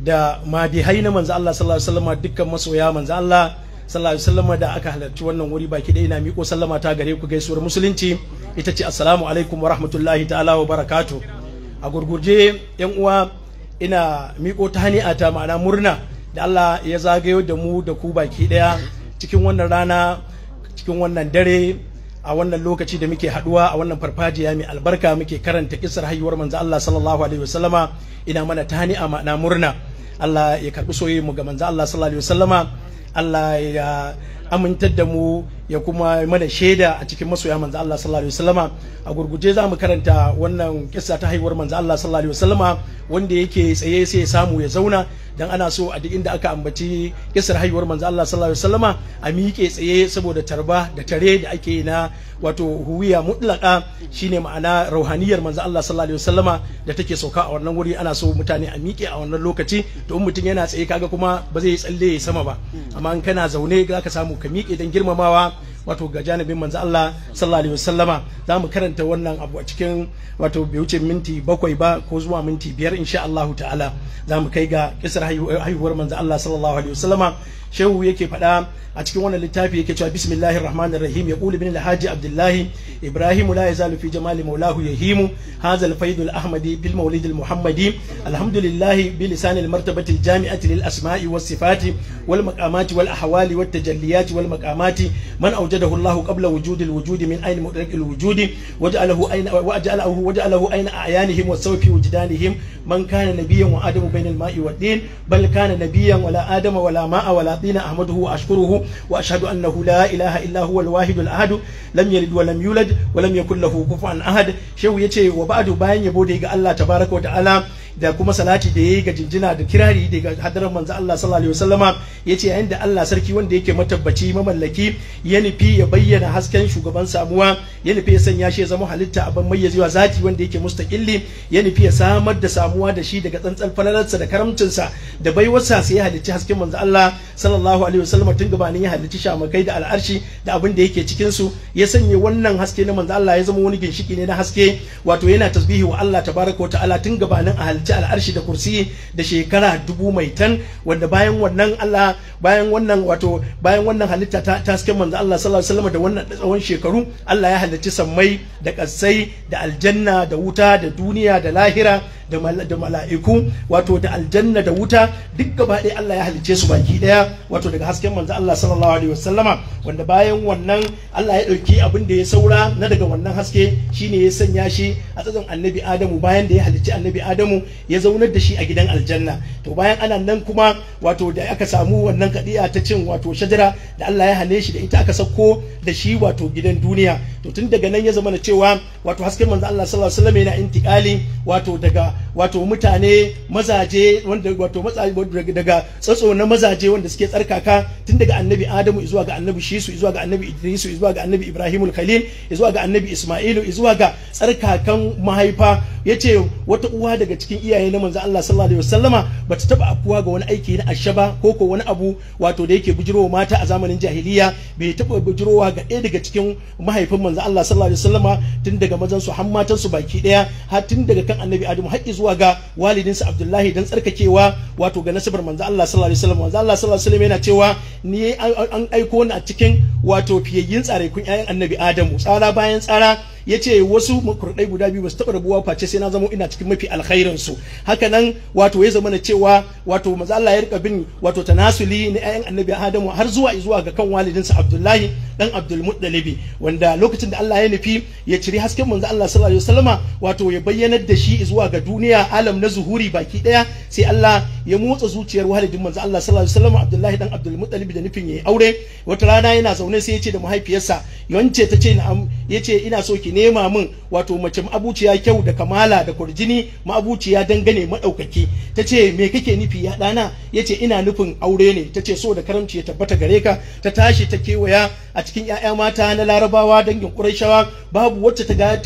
da madihai na manzo Allah sallallahu alaihi wasallam dukkan masoya manzo Allah sallallahu alaihi wasallam da aka halarci wannan wuri baki da ina miko sallama ta gare ku gaisuwar musulunci ita ce assalamu alaikum wa rahmatullahi ta'ala wa barakatuh a gurgurje yan uwa ina miko ta hani'a ta ma'ana murna da Allah ya zagayo da mu da ku baki ɗaya cikin wannan rana cikin wannan dare a wannan lokaci da muke haduwa a wannan farfajiya mai albarka muke karanta kisar haihuwar manzo Allah sallallahu alaihi wasallama ina mana ta hani'a ma'ana murna Allah ya karbi soyayyen mu ga manzo Allah sallallahu alaihi wasallama Allah ya amintar da mu ya kuma mana shaida a cikin masoya manzo Allah sallallahu alaihi wasallama a gurguje za mu karanta wannan kissa ta haihuwar manzo Allah sallallahu alaihi wasallama wanda yake tsaye sai ya samu ya zauna dan ana so a duk inda aka ambaci kissar haihuwar manzo Allah sallallahu alaihi wasallama a miƙe tsaye saboda tarba da tare da ake na wato huwiya mutlaka shine ma'ana rauhaniyar manzo Allah sallallahu alaihi wasallama da take sauka a wannan wuri ana so mutane a miƙe a wannan lokaci to in mutum yana tsaye kaga kuma ba zai tsalle ya sama ba amma in kana zaune zaka samu ka miƙe dan girmamawa wato ga janibin manzo Allah sallallahu alaihi wasallama za mu karanta wannan abu a cikin wato bai wuce minti bakwai ba ko zuwa minti biyar insha Allah ta'ala za mu kai ga kisar haihuwar manzo Allah sallallahu alaihi wasallama shehu yake faɗa a cikin wannan littafi yake cewa bismillahir rahmanir rahim ya qulu bin alhaji abdullahi ibrahim la yazalu fi jamali maulahu yahimu hadha alfaid ahmadi bil mawlid almuhammadi alhamdulillah bi lisan almartabati aljami'ati lil asma'i was sifati wal maqamati wal ahwali wat tajalliyati wal maqamati man awjadahu allah qabla wujud alwujud min ayn mudrak alwujud waj'alahu ayn waj'alahu waj'alahu ayn ayanihim wa sawfi wujdanihim man kana nabiyyan wa adamu bainal ma'i wad din bal kana nabiyyan wala adama wala ma'a wala الدين أحمده وأشكره وأشهد أنه لا إله إلا هو الواحد الأحد لم يلد ولم يولد ولم يكن له كفوا أحد شو يتي وبعد باين يبودي الله تبارك وتعالى da kuma salati da yayi ga jinjina da kirari da ga hadarar manzo Allah sallallahu alaihi wasallama yace yayin da Allah sarki wanda yake matabbaci mamallaki ya nufi ya bayyana hasken shugaban samuwa ya nufi ya sanya shi ya zama halitta a abin mayyazewa zati wanda yake mustaqilli ya nufi ya samar da samuwa da shi daga tsantsan falalarsa da karamcinsa da baiwarsa sai ya halicci hasken manzo Allah sallallahu alaihi wasallama tun gabanin ya halicci shamakai da al'arshi da abin da yake cikin su ya sanya wannan haske na manzo Allah ya zama wani ginshiki ne na haske wato yana tasbihi wa Allah tabaraka wa ta'ala tun gabanin a ci al'arshi da kursi da shekara dubu mai tan wanda bayan wannan Allah bayan wannan wato bayan wannan halitta ta tasken manzo Allah sallallahu alaihi wasallam da wannan tsawon shekaru Allah ya halicci sammai da kasai da aljanna da wuta da duniya da lahira da mala'iku wato da aljanna da wuta duk gaba ɗaya Allah ya halicce su baki daya wato daga hasken manzo Allah sallallahu alaihi wasallama wanda bayan wannan Allah ya ɗauki abin da ya saura na daga wannan haske shine ya sanya shi a tsatson annabi Adamu bayan da ya halicci annabi Adamu ya zaunar da shi a gidan aljanna to bayan ana nan kuma wato da aka samu wannan kadiya ta cin wato shajara da Allah ya hane shi da ita aka sako da shi wato gidan duniya to tun daga nan ya zama na cewa wato hasken manzo Allah sallallahu alaihi wasallam yana intikali wato daga wato mutane mazaje wanda wato matsayi daga tsatso na mazaje wanda suke tsarkaka tun daga annabi Adamu zuwa ga annabi Shisu zuwa ga annabi Idrisu zuwa ga annabi Ibrahimul Khalil zuwa ga annabi Isma'ilu zuwa ga tsarkakan mahaifa yace wata uwa daga cikin iyaye na manzo Allah sallallahu alaihi wasallama bata taba afuwa ga wani aiki na ashaba ko ko wani abu wato da yake bujirowa mata a zamanin jahiliya bai taba bujirowa ga ɗaya daga cikin mahaifin manzo Allah sallallahu alaihi wasallama tun daga mazan su har matan su baki ɗaya har tun daga kan annabi Adamu har zuwa ga walidinsa Abdullahi dan tsarkakewa wato ga nasabar manzo Allah sallallahu alaihi wasallama manzo Allah sallallahu alaihi wasallama yana cewa ni an aiko ni a cikin wato fiyayyin tsare kun ƴaƴan annabi Adamu tsara bayan tsara ya ce wasu makurɗai guda biyu ba su taɓa rabuwa face sai na zama ina cikin mafi alkhairin su haka nan wato ya zama na cewa wato maza Allah ya rika bin wato tanasuli na ƴaƴan annabi Adamu har zuwa zuwa ga kan walidinsa Abdullahi dan Abdul Muttalibi wanda lokacin da Allah ya nufi ya ciri hasken manzo Allah sallallahu alaihi wasallama wato ya bayyanar da shi zuwa ga duniya alam na zuhuri baki daya sai Allah ya motsa zuciyar walidin manzo Allah sallallahu alaihi wasallama Abdullahi dan Abdul Muttalibi da nufin yayi aure wata rana yana zaune sai ya ce da mahaifiyarsa yonce ta ce na'am yace ina so ki nema min wato mace ma'abuciya kyau da kamala da kurjini ma'abuciya dangane maɗaukaki ta ce me kake nufi ya ɗana yace ina nufin aure ne ta ce so da karamci ya tabbata gare ka ta tashi ta kewaya a cikin 'ya'ya mata na larabawa dangin ƙurashawa babu wacce ta ta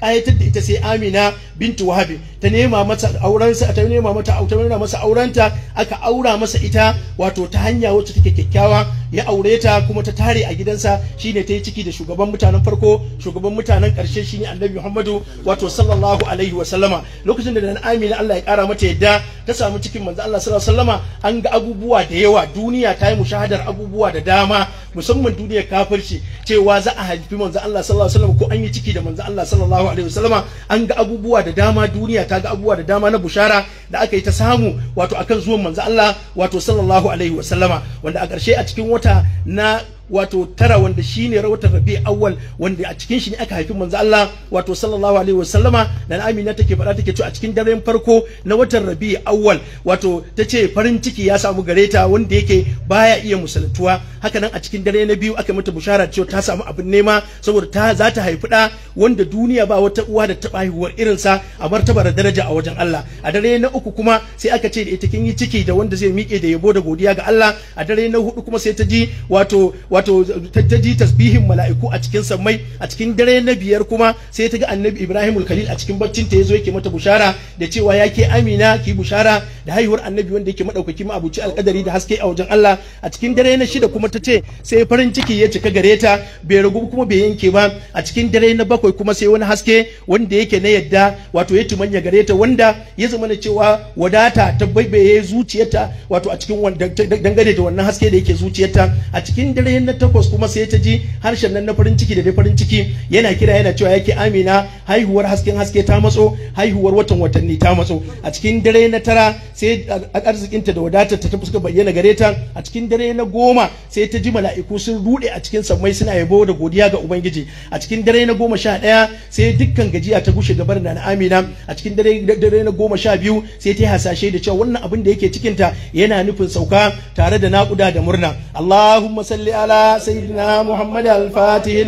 ƙayatar da ita sai amina bintu wahabi ta nema masa aurensa ta nema mata ta nema masa aurenta aka aura masa ita wato ta hanya wacce take kyakkyawa ya aure ta kuma ta tare a gidansa shine ta yi ciki da shugaban mutanen farko shugaban mutanen karshe shine annabi Muhammadu wato sallallahu alaihi wa sallama lokacin da dan Amina Allah ya kara mata yadda ta samu cikin manzo Allah sallallahu alaihi wa sallama an ga abubuwa da yawa duniya ta yi mushahadar abubuwa da dama musamman duniyar kafirci cewa za a haifi manzo Allah sallallahu alaihi wasallam ko an yi ciki da manzo Allah sallallahu alaihi wasallama an ga abubuwa da dama duniya ta ga abubuwa da dama na bushara da aka yi ta samu wato akan zuwan manzo Allah wato sallallahu alaihi wasallama wanda a ƙarshe a cikin wata na wato tara wanda shine rawatar rabi awwal wanda a cikin shi ne aka haifi manzo Allah wato sallallahu alaihi wasallama na Amina take faɗa take cewa a cikin daren farko na watan rabi awwal wato tace farin ciki ya samu gare ta wanda yake baya iya musaltuwa haka nan a cikin dare na biyu aka mata bushara cewa ta samu abin nema saboda ta za ta haifi da wanda duniya ba wata uwa da taba haihuwar irin sa a martabar daraja a wajen Allah a dare na uku kuma sai aka ce da ita kin yi ciki da wanda zai miƙe da yabo da godiya ga Allah a dare na hudu kuma sai ta ji wato wato ta ji tasbihin mala'iku a cikin sammai a cikin dare na biyar kuma sai ta ga annabi ibrahim khalil a cikin baccin ta yazo yake mata bushara da cewa ya ke amina ki bushara da haihuwar annabi wanda yake madaukaki ma abuci alkadari da haske a wajen Allah a cikin dare na shida kuma ta ce sai farin ciki ya cika gare ta bai ragu kuma bai yanke ba a cikin dare na bakwai kuma sai wani haske wanda yake na yadda wato ya tumanya gare ta wanda ya zama na cewa wadata ta baibaye zuciyarta wato a cikin dangane da wannan haske da yake zuciyarta a cikin dare na na takwas kuma sai ta ji harshen nan na farin ciki da dai farin ciki yana kira yana cewa yake amina haihuwar hasken haske ta matso haihuwar watan watanni ta matso a cikin dare na tara sai a arzikinta da wadatar ta suka bayyana gare ta a cikin dare na goma sai ta ji mala'iku sun rude a cikin sammai suna yabo da godiya ga ubangiji a cikin dare na goma sha ɗaya sai dukkan gajiya ta gushe gabar na amina a cikin dare na goma sha biyu sai ta yi hasashe da cewa wannan abin da yake cikinta yana nufin sauka tare da naƙuda da murna Allahumma salli ala سيدنا محمد الفاتح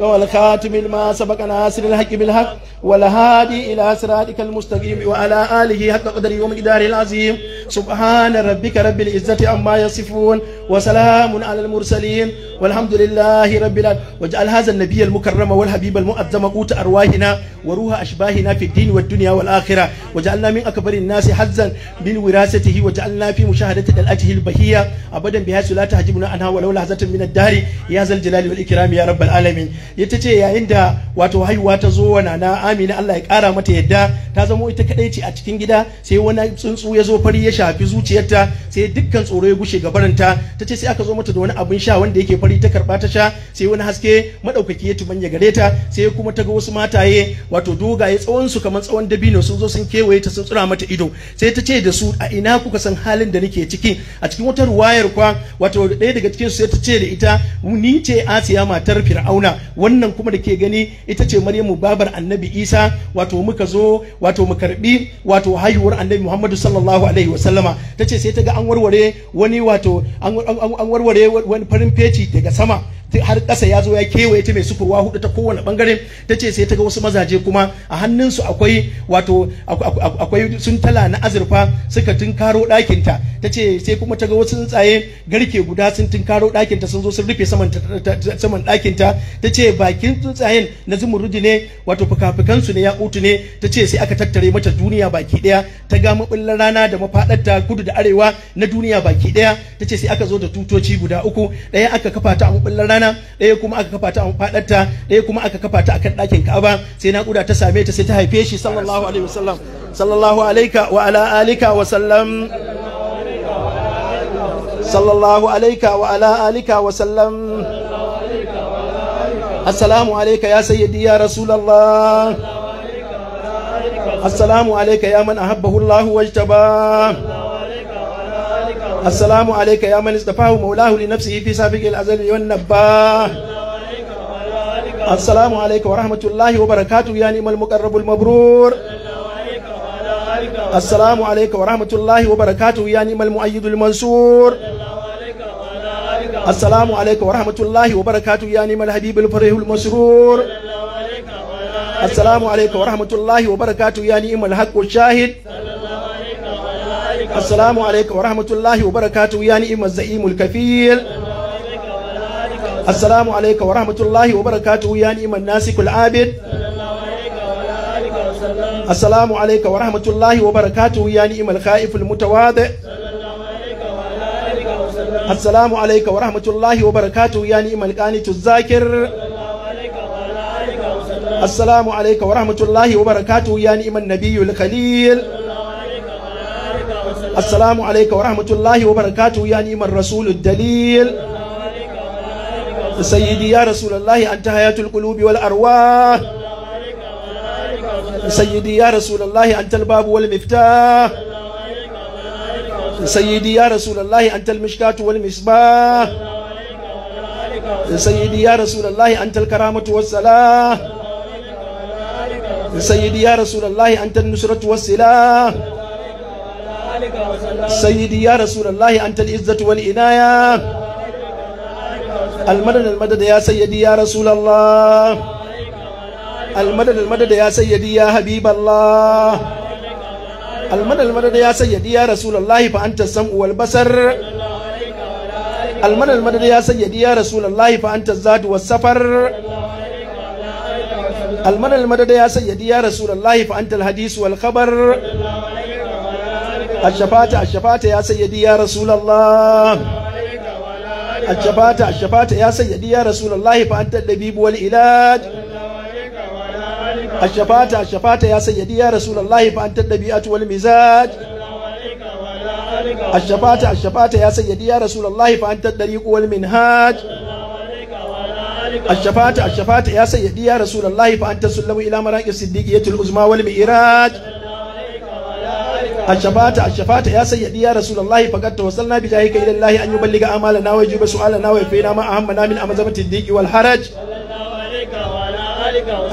والخاتم لما سبق ناصر الحق بالحق والهادي إلى صراطك المستقيم وعلى آله حق قدر يوم الدار العظيم سبحان ربك رب العزة عما يصفون وسلام على المرسلين والحمد لله رب العالمين واجعل هذا النبي المكرم والحبيب المؤذم قوت أرواحنا وروح أشباهنا في الدين والدنيا والآخرة وجعلنا من أكبر الناس حزا من وراثته وجعلنا في مشاهدة الأجه البهية أبدا بها لا تحجبنا عنها ولولا لحظة من الدار يا ذا الجلال والإكرام يا رب العالمين ya ce yayin da wato haihuwa ta zo wa nana amina Allah ya kara mata yadda ta zamo ita kadai ce a cikin gida sai wani tsuntsu ya zo fari ya shafi zuciyarta sai dukkan tsoro ya gushe gabaranta ta ce sai aka zo mata da wani abin sha wanda yake fari ta karba ta sha sai wani haske madaukaki ya tumanya gare ta sai kuma ta ga wasu mataye wato dogaye tsawon su kamar tsawon dabino sun zo sun kewaye ta sun tsura mata ido sai ta ce da su a ina kuka san halin da nake ciki a cikin wata ruwayar kwa wato ɗaya daga cikin su sai ta ce da ita ni ce Asiya matar Fir'auna wannan kuma da ke gani ita ce maryamu babar annabi isa wato muka zo wato mu karbi wato haihuwar annabi muhammadu sallallahu alaihi wasallama ta ce sai ta ga an warware wani wato an warware wani farin feci daga sama har ƙasa ya zo ya kewaye ta mai sukurwa hudu ta kowane bangare ta ce sai ta ga wasu mazaje kuma a hannunsu akwai wato akwai sun tala na azurfa suka tunkaro ɗakinta ta ce sai kuma ta ga wasu tsaye garke guda sun tunkaro ɗakinta sun zo sun rufe saman ɗakinta ta ce bakin tsuntsayen na zumurudi ne wato fuka su ne ya utu ne ta ce sai aka tattare mata duniya baki ɗaya ta ga maɓullar rana da mafaɗarta kudu da arewa na duniya baki ɗaya ta ce sai aka zo da tutoci guda uku ɗaya aka kafa ta a maɓullar rana ɗaya kuma aka kafa ta a fadarta ɗaya kuma aka kafa ta akan ɗakin Ka'aba sai naƙuda ta same ta sai ta haife shi sallallahu alaihi wasallam sallallahu alaika wa ala alika wa sallam sallallahu alaika wa ala alika wa sallam assalamu alaika ya sayyidi ya rasulullah assalamu alaika ya man ahabbahu Allah wajtaba السلام عليك يا من اصطفاه مولاه لنفسه في سابق الأزل والنباه السلام عليك ورحمة الله وبركاته يا نعم المقرب المبرور السلام عليك ورحمة الله وبركاته يا نعم المؤيد المنصور السلام عليك ورحمة الله وبركاته يا نعم الحبيب الفريح المسرور السلام عليك ورحمة الله وبركاته يا نعم الحق الشاهد السلام عليكم ورحمة الله وبركاته يا إما الزعيم الكفيل السلام عليكم ورحمة الله وبركاته يا إما الناسك العابد السلام عليك ورحمة الله وبركاته يا إما الخائف المتواضع السلام عليك ورحمة الله وبركاته يا إما القانت الذاكر السلام عليك ورحمة الله وبركاته يا إما النبي الخليل assalamu alayka wa rahmatullahi wa barakatuhu ya ni'mar rasulud dalil sayyidi ya rasulullahi anta hayatul qulubi wal arwah sayyidi ya rasulullahi anta al-babu wal miftah sayyidi ya rasulullahi anta al-mishkatu wal misbah sayyidi ya rasulullahi anta al-karamatu was sayyidi ya rasulullahi an سيدي يا رسول الله أنت الإزة والإناية المدد المدد يا سيدي يا رسول الله المدد المدد يا سيدي يا حبيب الله المدد المدد يا سيدي يا رسول الله فأنت السمع والبصر المدد المدد يا سيدي يا رسول الله فأنت الزاد والسفر المدد المدد يا سيدي يا رسول الله فأنت الحديث والخبر الشفاعة الشفاعة يا سيدي يا رسول الله الشفاعة الشفاعة يا سيدي يا رسول الله فأنت الدبيب والعلاج الشفاعة الشفاعة يا سيدي يا رسول الله فأنت النبيئة والمزاج الشفاعة الشفاعة يا سيدي يا رسول الله فأنت الطريق والمنهاج الشفاعة الشفاعة يا سيدي يا رسول الله فأنت سلم إلى مراكز الصديقية العظمى والمئراج الشفاعة الشفاعة يا سيدي يا رسول الله فقد توصلنا بجاهك إلى الله أن يبلغ أعمالنا ويجيب سؤالنا ويفينا ما أهمنا من أمزمة الضيق والحرج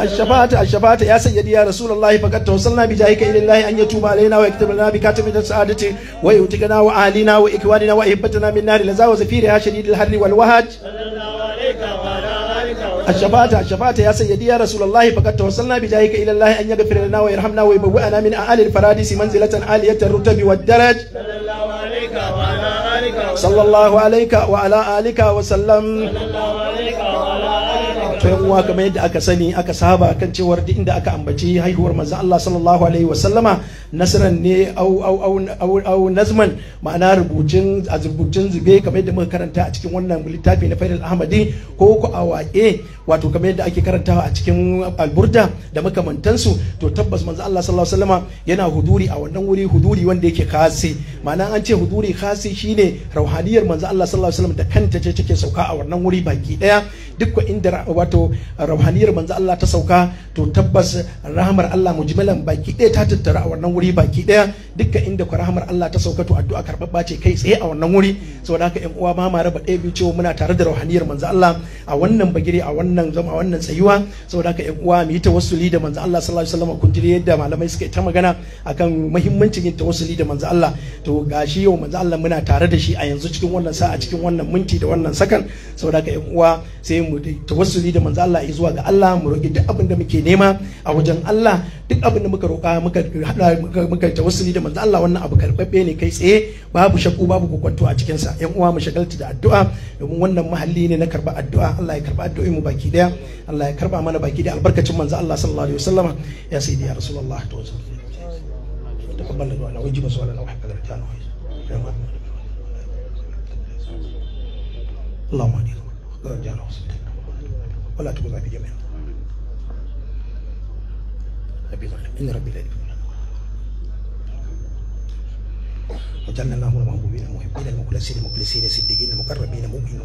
الشفاعة الشفاعة يا سيدي يا رسول الله فقد توصلنا بجاهك إلى الله أن يتوب علينا ويكتب لنا بكاتب السعادة ويؤتقنا وأهلنا وإخواننا وإحبتنا من نار لزا وزفيرها شديد الحر والوهج الشفاعة الشفاعة يا سيدي يا رسول الله فقد توصلنا بجاهك إلى الله أن يغفر لنا ويرحمنا ويبوأنا من أعلى الفرادس منزلة عالية الرتب والدرج صلى الله عليك وعلى آلك وسلم to yan uwa kamar yadda aka sani aka saba kan cewar duk inda aka ambaci haihuwar manzon Allah sallallahu alaihi wasallama nasiran ne au nazman ma'ana rubucin a rubucin zube kamar yadda muka karanta a cikin wannan littafi na Faidal Ahmadi ko ku a waƙe wato kamar yadda ake karantawa a cikin alburda da makamantansu to tabbas manzo Allah sallallahu alaihi wasallam yana huduri a wannan wuri huduri wanda yake kasi ma'ana an ce huduri kasi shine rauhaniyar manzo Allah sallallahu alaihi wasallam da kanta ce take sauka a wannan wuri baki daya duk inda wato rauhaniyar manzo Allah ta sauka to tabbas rahmar Allah mujmalan baki daya ta tattara a wannan wuri wuri baki daya duka inda ku rahamar Allah ta sauka to addu'a karɓaɓɓa ce kai tsaye a wannan wuri saboda haka ƴan uwa ba ma raba ɗaya biyu cewa muna tare da rauhaniyar manzo Allah a wannan bagire a wannan zama a wannan tsayuwa saboda haka ƴan uwa mu yi tawassuli da manzo Allah sallallahu alaihi wasallam kun yadda malamai suka yi ta magana akan muhimmancin yin tawassuli da manzo Allah to gashi yau manzo Allah muna tare da shi a yanzu cikin wannan sa'a cikin wannan minti da wannan sakan saboda haka ƴan uwa sai mu tawassuli da manzo Allah zuwa ga Allah mu roki duk abin da muke nema a wajen Allah duk abin da muka roƙa muka hada muka tawassuli da manzo Allah wannan abu karbabbe ne kai tsaye babu shakku babu kokwanto a cikin sa yan uwa mu shagalta da addu'a domin wannan mahalli ne na karba addu'a Allah ya karba addu'o'i mu baki daya Allah ya karba mana baki daya albarkacin manzo Allah sallallahu alaihi wasallam ya sayyidi ya rasulullah to نبينا ربي رب العالمين وجعلنا الله المحبوبين المحبين المخلصين المخلصين الصديقين المقربين المؤمنين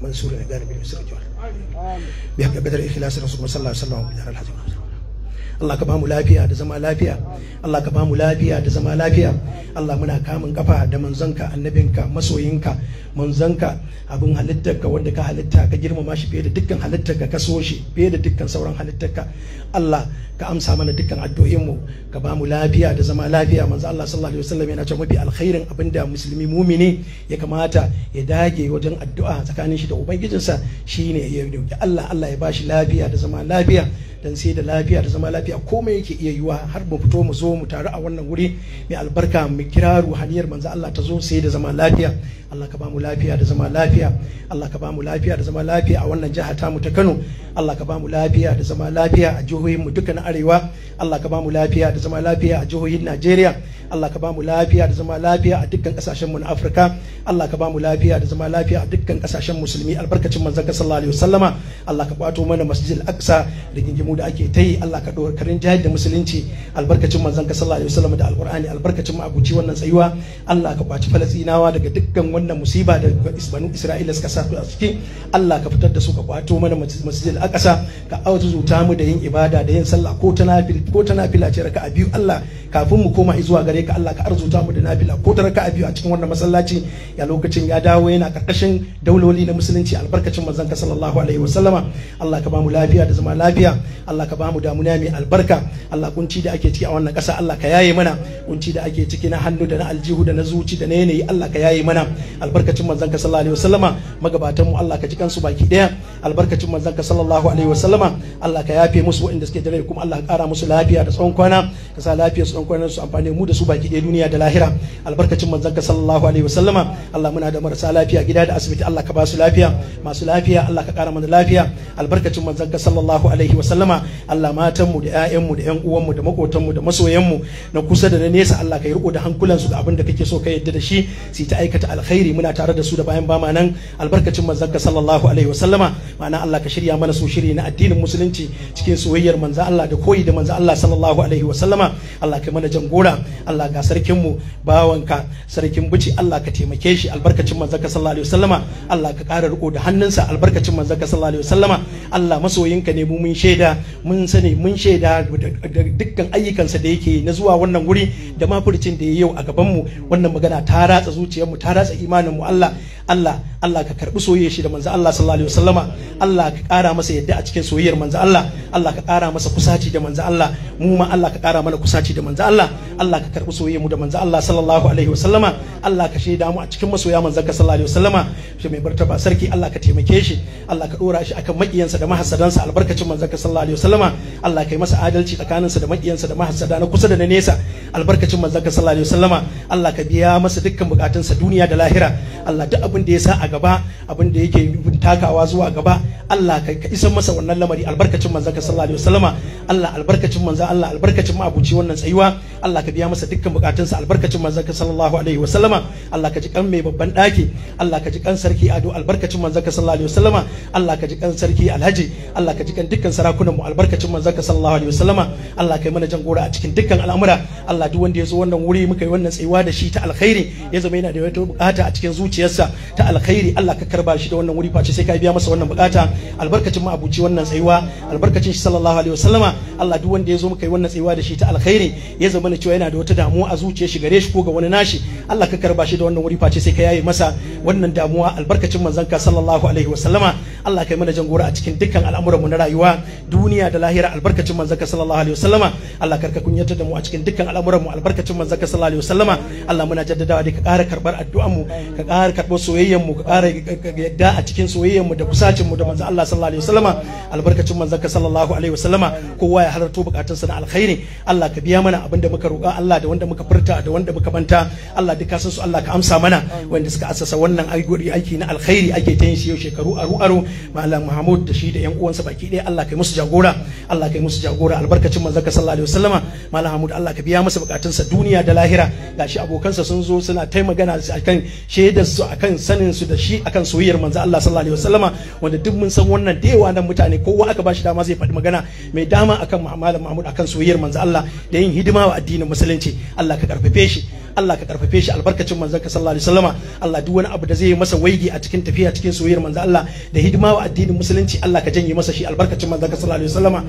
منصور الجانب بالمسر الجوال بحق بدر اخلاص الرسول صلى الله عليه وسلم وبالدار الحزين Allah ka bamu lafiya da zama lafiya Allah ka bamu lafiya da zama lafiya Allah muna kamun kafa da manzanka annabinka masoyinka manzanka abin halittarka wanda ka halitta ka girmama shi fiye da dukkan halittarka ka so shi fiye da dukkan sauran halittarka Allah ka amsa mana dukkan addu'o'in mu ka bamu lafiya da zama lafiya manzo Allah sallallahu alaihi wasallam yana cewa mafi alkhairin abinda musulmi mumini ya kamata ya dage wajen addu'a tsakanin shi da ubangijinsa shine ya yi Allah Allah ya bashi lafiya da zama lafiya dan sai da lafiya da zama lafiya komai yake iya yiwa har mu fito mu zo mu taru a wannan wuri mai albarka mu kira ruhaniyar manzo Allah ta zo sai da zama lafiya Allah ka bamu lafiya da zama lafiya Allah ka bamu lafiya da zama lafiya a wannan jiha ta mu ta Kano Allah ka bamu lafiya da zama lafiya a jihohin mu duka na arewa Allah ka bamu lafiya da zama lafiya a jihohin Najeriya Allah ka bamu lafiya da zama lafiya a dukkan kasashen mu na Afirka Allah ka bamu lafiya da zama lafiya a dukkan kasashen musulmi albarkacin manzon ka sallallahu alaihi wasallama Allah ka kwato mana masjidil aqsa da gingimu da ake ta yi Allah ka dora karin jihar da musulunci albarkacin manzon ka sallallahu alaihi wasallama da alqur'ani albarkacin mu abuci wannan tsayuwa Allah ka kwaci falastinawa daga dukkan wannan musiba da isbanu isra'ila suka sa a ciki Allah ka fitar da su ka kwato mana masjidil aqsa ka auzuta mu da yin ibada da yin sallah ko ta nafila ko ta nafila ce raka'a biyu Allah kafin mu koma zuwa gare ka Allah ka arzuta mu da nafila ko ta raka'a biyu a cikin wannan masallaci ya lokacin ya dawo yana karkashin dauloli na musulunci albarkacin manzon ka sallallahu alaihi wasallama Allah ka ba mu lafiya da zama lafiya Allah ka ba mu damuna mai albarka Allah kunci da ake ciki a wannan ƙasa Allah ka yaye mana kunci da ake ciki na hannu da na aljihu da na zuci da na yanayi Allah ka yaye mana albarkacin manzon ka sallallahu alaihi wasallama magabatan mu Allah ka ji kansu baki daya albarkacin manzon ka sallallahu alaihi wasallama Allah ka yafe musu waɗanda suke da rai kuma Allah ka kara musu lafiya da tsawon kwana ka sa lafiya su kan kwanan su amfane mu da su baki ɗaya duniya da lahira albarkacin manzon ka sallallahu alaihi wasallama Allah muna da marasa lafiya gida da asibiti Allah ka ba su lafiya masu lafiya Allah ka kara mana lafiya albarkacin manzon ka sallallahu alaihi wasallama Allah matan mu da ƴaƴan mu da ƴan uwan mu da makotan mu da masoyan mu na kusa da na nesa Allah ka yi riko da hankulan su da abin da kake so ka yadda da shi su ta aikata alkhairi muna tare da su da bayan bama nan albarkacin manzon ka sallallahu alaihi wasallama ma'ana Allah ka shirya mana su shiri na addinin musulunci cikin soyayyar manzon Allah da koyi da manzon Allah sallallahu alaihi wasallama Allah kai mana jangora Allah ga sarkin mu bawanka sarkin buci Allah ka taimake shi albarkacin ka sallallahu alaihi wasallama Allah ka ƙara riko da hannunsa albarkacin ka sallallahu alaihi wasallama Allah masoyinka ne mu mun shaida mun sani mun shaida dukkan ayyukansa da yake na zuwa wannan guri da ma furcin da yayi yau a gaban mu wannan magana ta ratsa zuciyarmu ta ratsa imanin mu Allah Allah Allah ka karbi soyayyar shi da manzo Allah sallallahu alaihi wasallama Allah ka ƙara masa yadda a cikin soyayyar manzo Allah Allah ka ƙara masa kusaci da manzo Allah mu ma Allah ka ƙara mana kusaci da manzo manzo Allah Allah ka karbi soyayya mu da manzo Allah sallallahu alaihi wasallama Allah ka shaida mu a cikin masoya manzo ka sallallahu alaihi wasallama shi mai martaba sarki Allah ka taimake shi Allah ka dora shi akan makiyansa da mahassadansa albarkacin manzo ka sallallahu alaihi wasallama Allah kai masa adalci tsakaninsa da makiyansa da mahassada na kusa da na nesa albarkacin manzo ka sallallahu alaihi wasallama Allah ka biya masa dukkan bukatunsa duniya da lahira Allah duk abin da ya sa a gaba abin da yake takawa zuwa gaba Allah ka isa masa wannan lamari albarkacin manzo ka sallallahu alaihi wasallama Allah albarkacin manzo Allah albarkacin ma abuci wannan tsayuwa Allah ka biya masa dukkan bukatunsa albarkacin ka sallallahu alaihi wa sallama Allah ka ji kan mai babban daki Allah ka ji kan sarki ado albarkacin ka sallallahu alaihi wa sallama Allah ka ji kan sarki alhaji Allah ka ji kan dukkan sarakunan mu albarkacin ka sallallahu alaihi wa sallama Allah kai mana jan gora a cikin dukkan al'amura Allah duk wanda ya zo wannan wuri muka yi wannan tsayuwa da shi ta alkhairi ya zama yana da wata bukata a cikin zuciyarsa ta alkhairi Allah ka karba shi da wannan wuri face sai ka biya masa wannan bukata albarkacin mu abuci wannan tsayuwa albarkacin shi sallallahu alaihi sallama Allah duk wanda yazo muka yi wannan tsayuwa da shi ta alkhairi ya zama na cewa yana da wata damuwa a zuciya shi gare shi ko ga wani nashi Allah ka karba shi da wannan wuri face sai ka yaye masa wannan damuwa albarkacin manzon ka sallallahu alaihi wasallama Allah kai mana jangora a cikin dukkan al'amuranmu na rayuwa duniya da lahira albarkacin ka sallallahu alaihi wasallama Allah karka kunyatar da mu a cikin dukkan al'amuranmu albarkacin ka sallallahu alaihi wasallama Allah muna jaddadawa da ka ƙara karbar addu'an mu ka ƙara karbar soyayyen mu ka ƙara yadda a cikin soyayyen mu da kusacin mu da manzon Allah sallallahu alaihi wasallama albarkacin ka sallallahu alaihi wasallama kowa ya halarto sa na alkhairi Allah ka biya mana abinda muka roƙa Allah da wanda muka furta da wanda muka manta Allah duka san su Allah ka amsa mana wanda suka asasa wannan aiki na alkhairi ake ta yin shi yau shekaru aru aru malam mahmud da shi da yan uwansa baki ɗaya Allah kai musu jagora Allah kai musu jagora albarkacin manzon ka sallallahu alaihi wasallama malam mahmud Allah ka biya masa bukatunsa duniya da lahira gashi abokansa sun zo suna tai magana akan shaidar su akan sanin su da shi akan soyayyar manzon Allah sallallahu alaihi wasallama wanda duk mun san wannan da yawa nan mutane kowa aka bashi dama zai faɗi magana mai dama akan malam mahmud akan soyayyar manzon Allah da yin hidima wa addinin musulunci Allah ka karfafe shi Allah ka karfafe shi albarkacin manzon ka sallallahu alaihi wasallama Allah duk wani abu da zai masa waigi a cikin tafiya cikin soyayyar manzon Allah da hidima wa addinin musulunci Allah ka janye masa shi albarkacin manzon ka sallallahu alaihi wasallama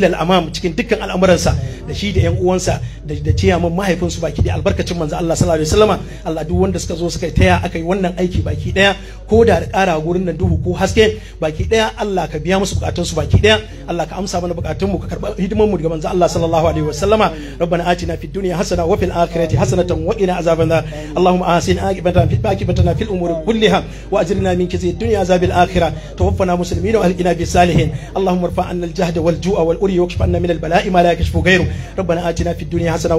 ila al-amam cikin dukkan al'amuransa da shi da yan uwansa da da ciyaman mahaifinsu baki da albarkacin manzon Allah sallallahu alaihi wasallama Allah duk wanda suka zo suka taya aka yi wannan aiki baki daya ko da kara gurin nan duhu ko haske baki daya Allah ka biya musu bukatun su baki daya Allah ka amsa mana bukatun mu ka karba hidiman mu daga manzo Allah sallallahu alaihi wasallama rabbana atina fid dunya hasana wa fil akhirati hasanatan wa qina azaban nar allahumma ahsin fil kulliha wa ajirna min kizi dunya azabil akhirah tawaffana wa salihin allahumma irfa anna al jahda wal ju'a wal uri wakshif anna min al bala'i ma la yakshfu ghayru rabbana atina fid dunya hasana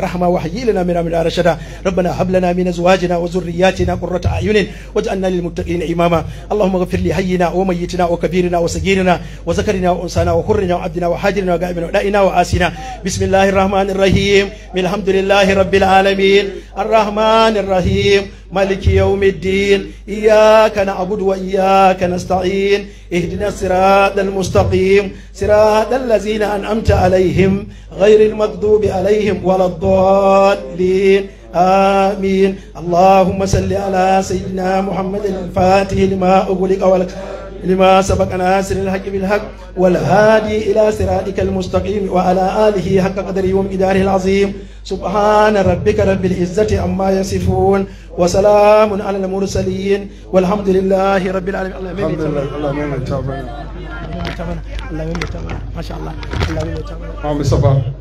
rahma wa hayyi lana min amrina rashada وأزواجنا وذرياتنا قرة أعين واجعلنا للمتقين إماما اللهم اغفر لحينا وميتنا وكبيرنا وصغيرنا وذكرنا وأنثانا وحرنا وعبدنا وحاجرنا وغائبنا ودائنا وعاسنا بسم الله الرحمن الرحيم من الحمد لله رب العالمين الرحمن الرحيم مالك يوم الدين إياك نعبد وإياك نستعين اهدنا الصراط المستقيم صراط الذين أنعمت عليهم غير المغضوب عليهم ولا الضالين آمين اللهم صل على سيدنا محمد الفاتح لما أغلق ولك لما سبق ناصر الحق بالحق والهادي إلى صراطك المستقيم وعلى آله حق قدره ومقداره العظيم سبحان ربك رب العزة عما يصفون وسلام على المرسلين والحمد لله رب العالمين الحمد لله اللهم تابعنا الله تابعنا تابعنا ما شاء الله اللهم تابعنا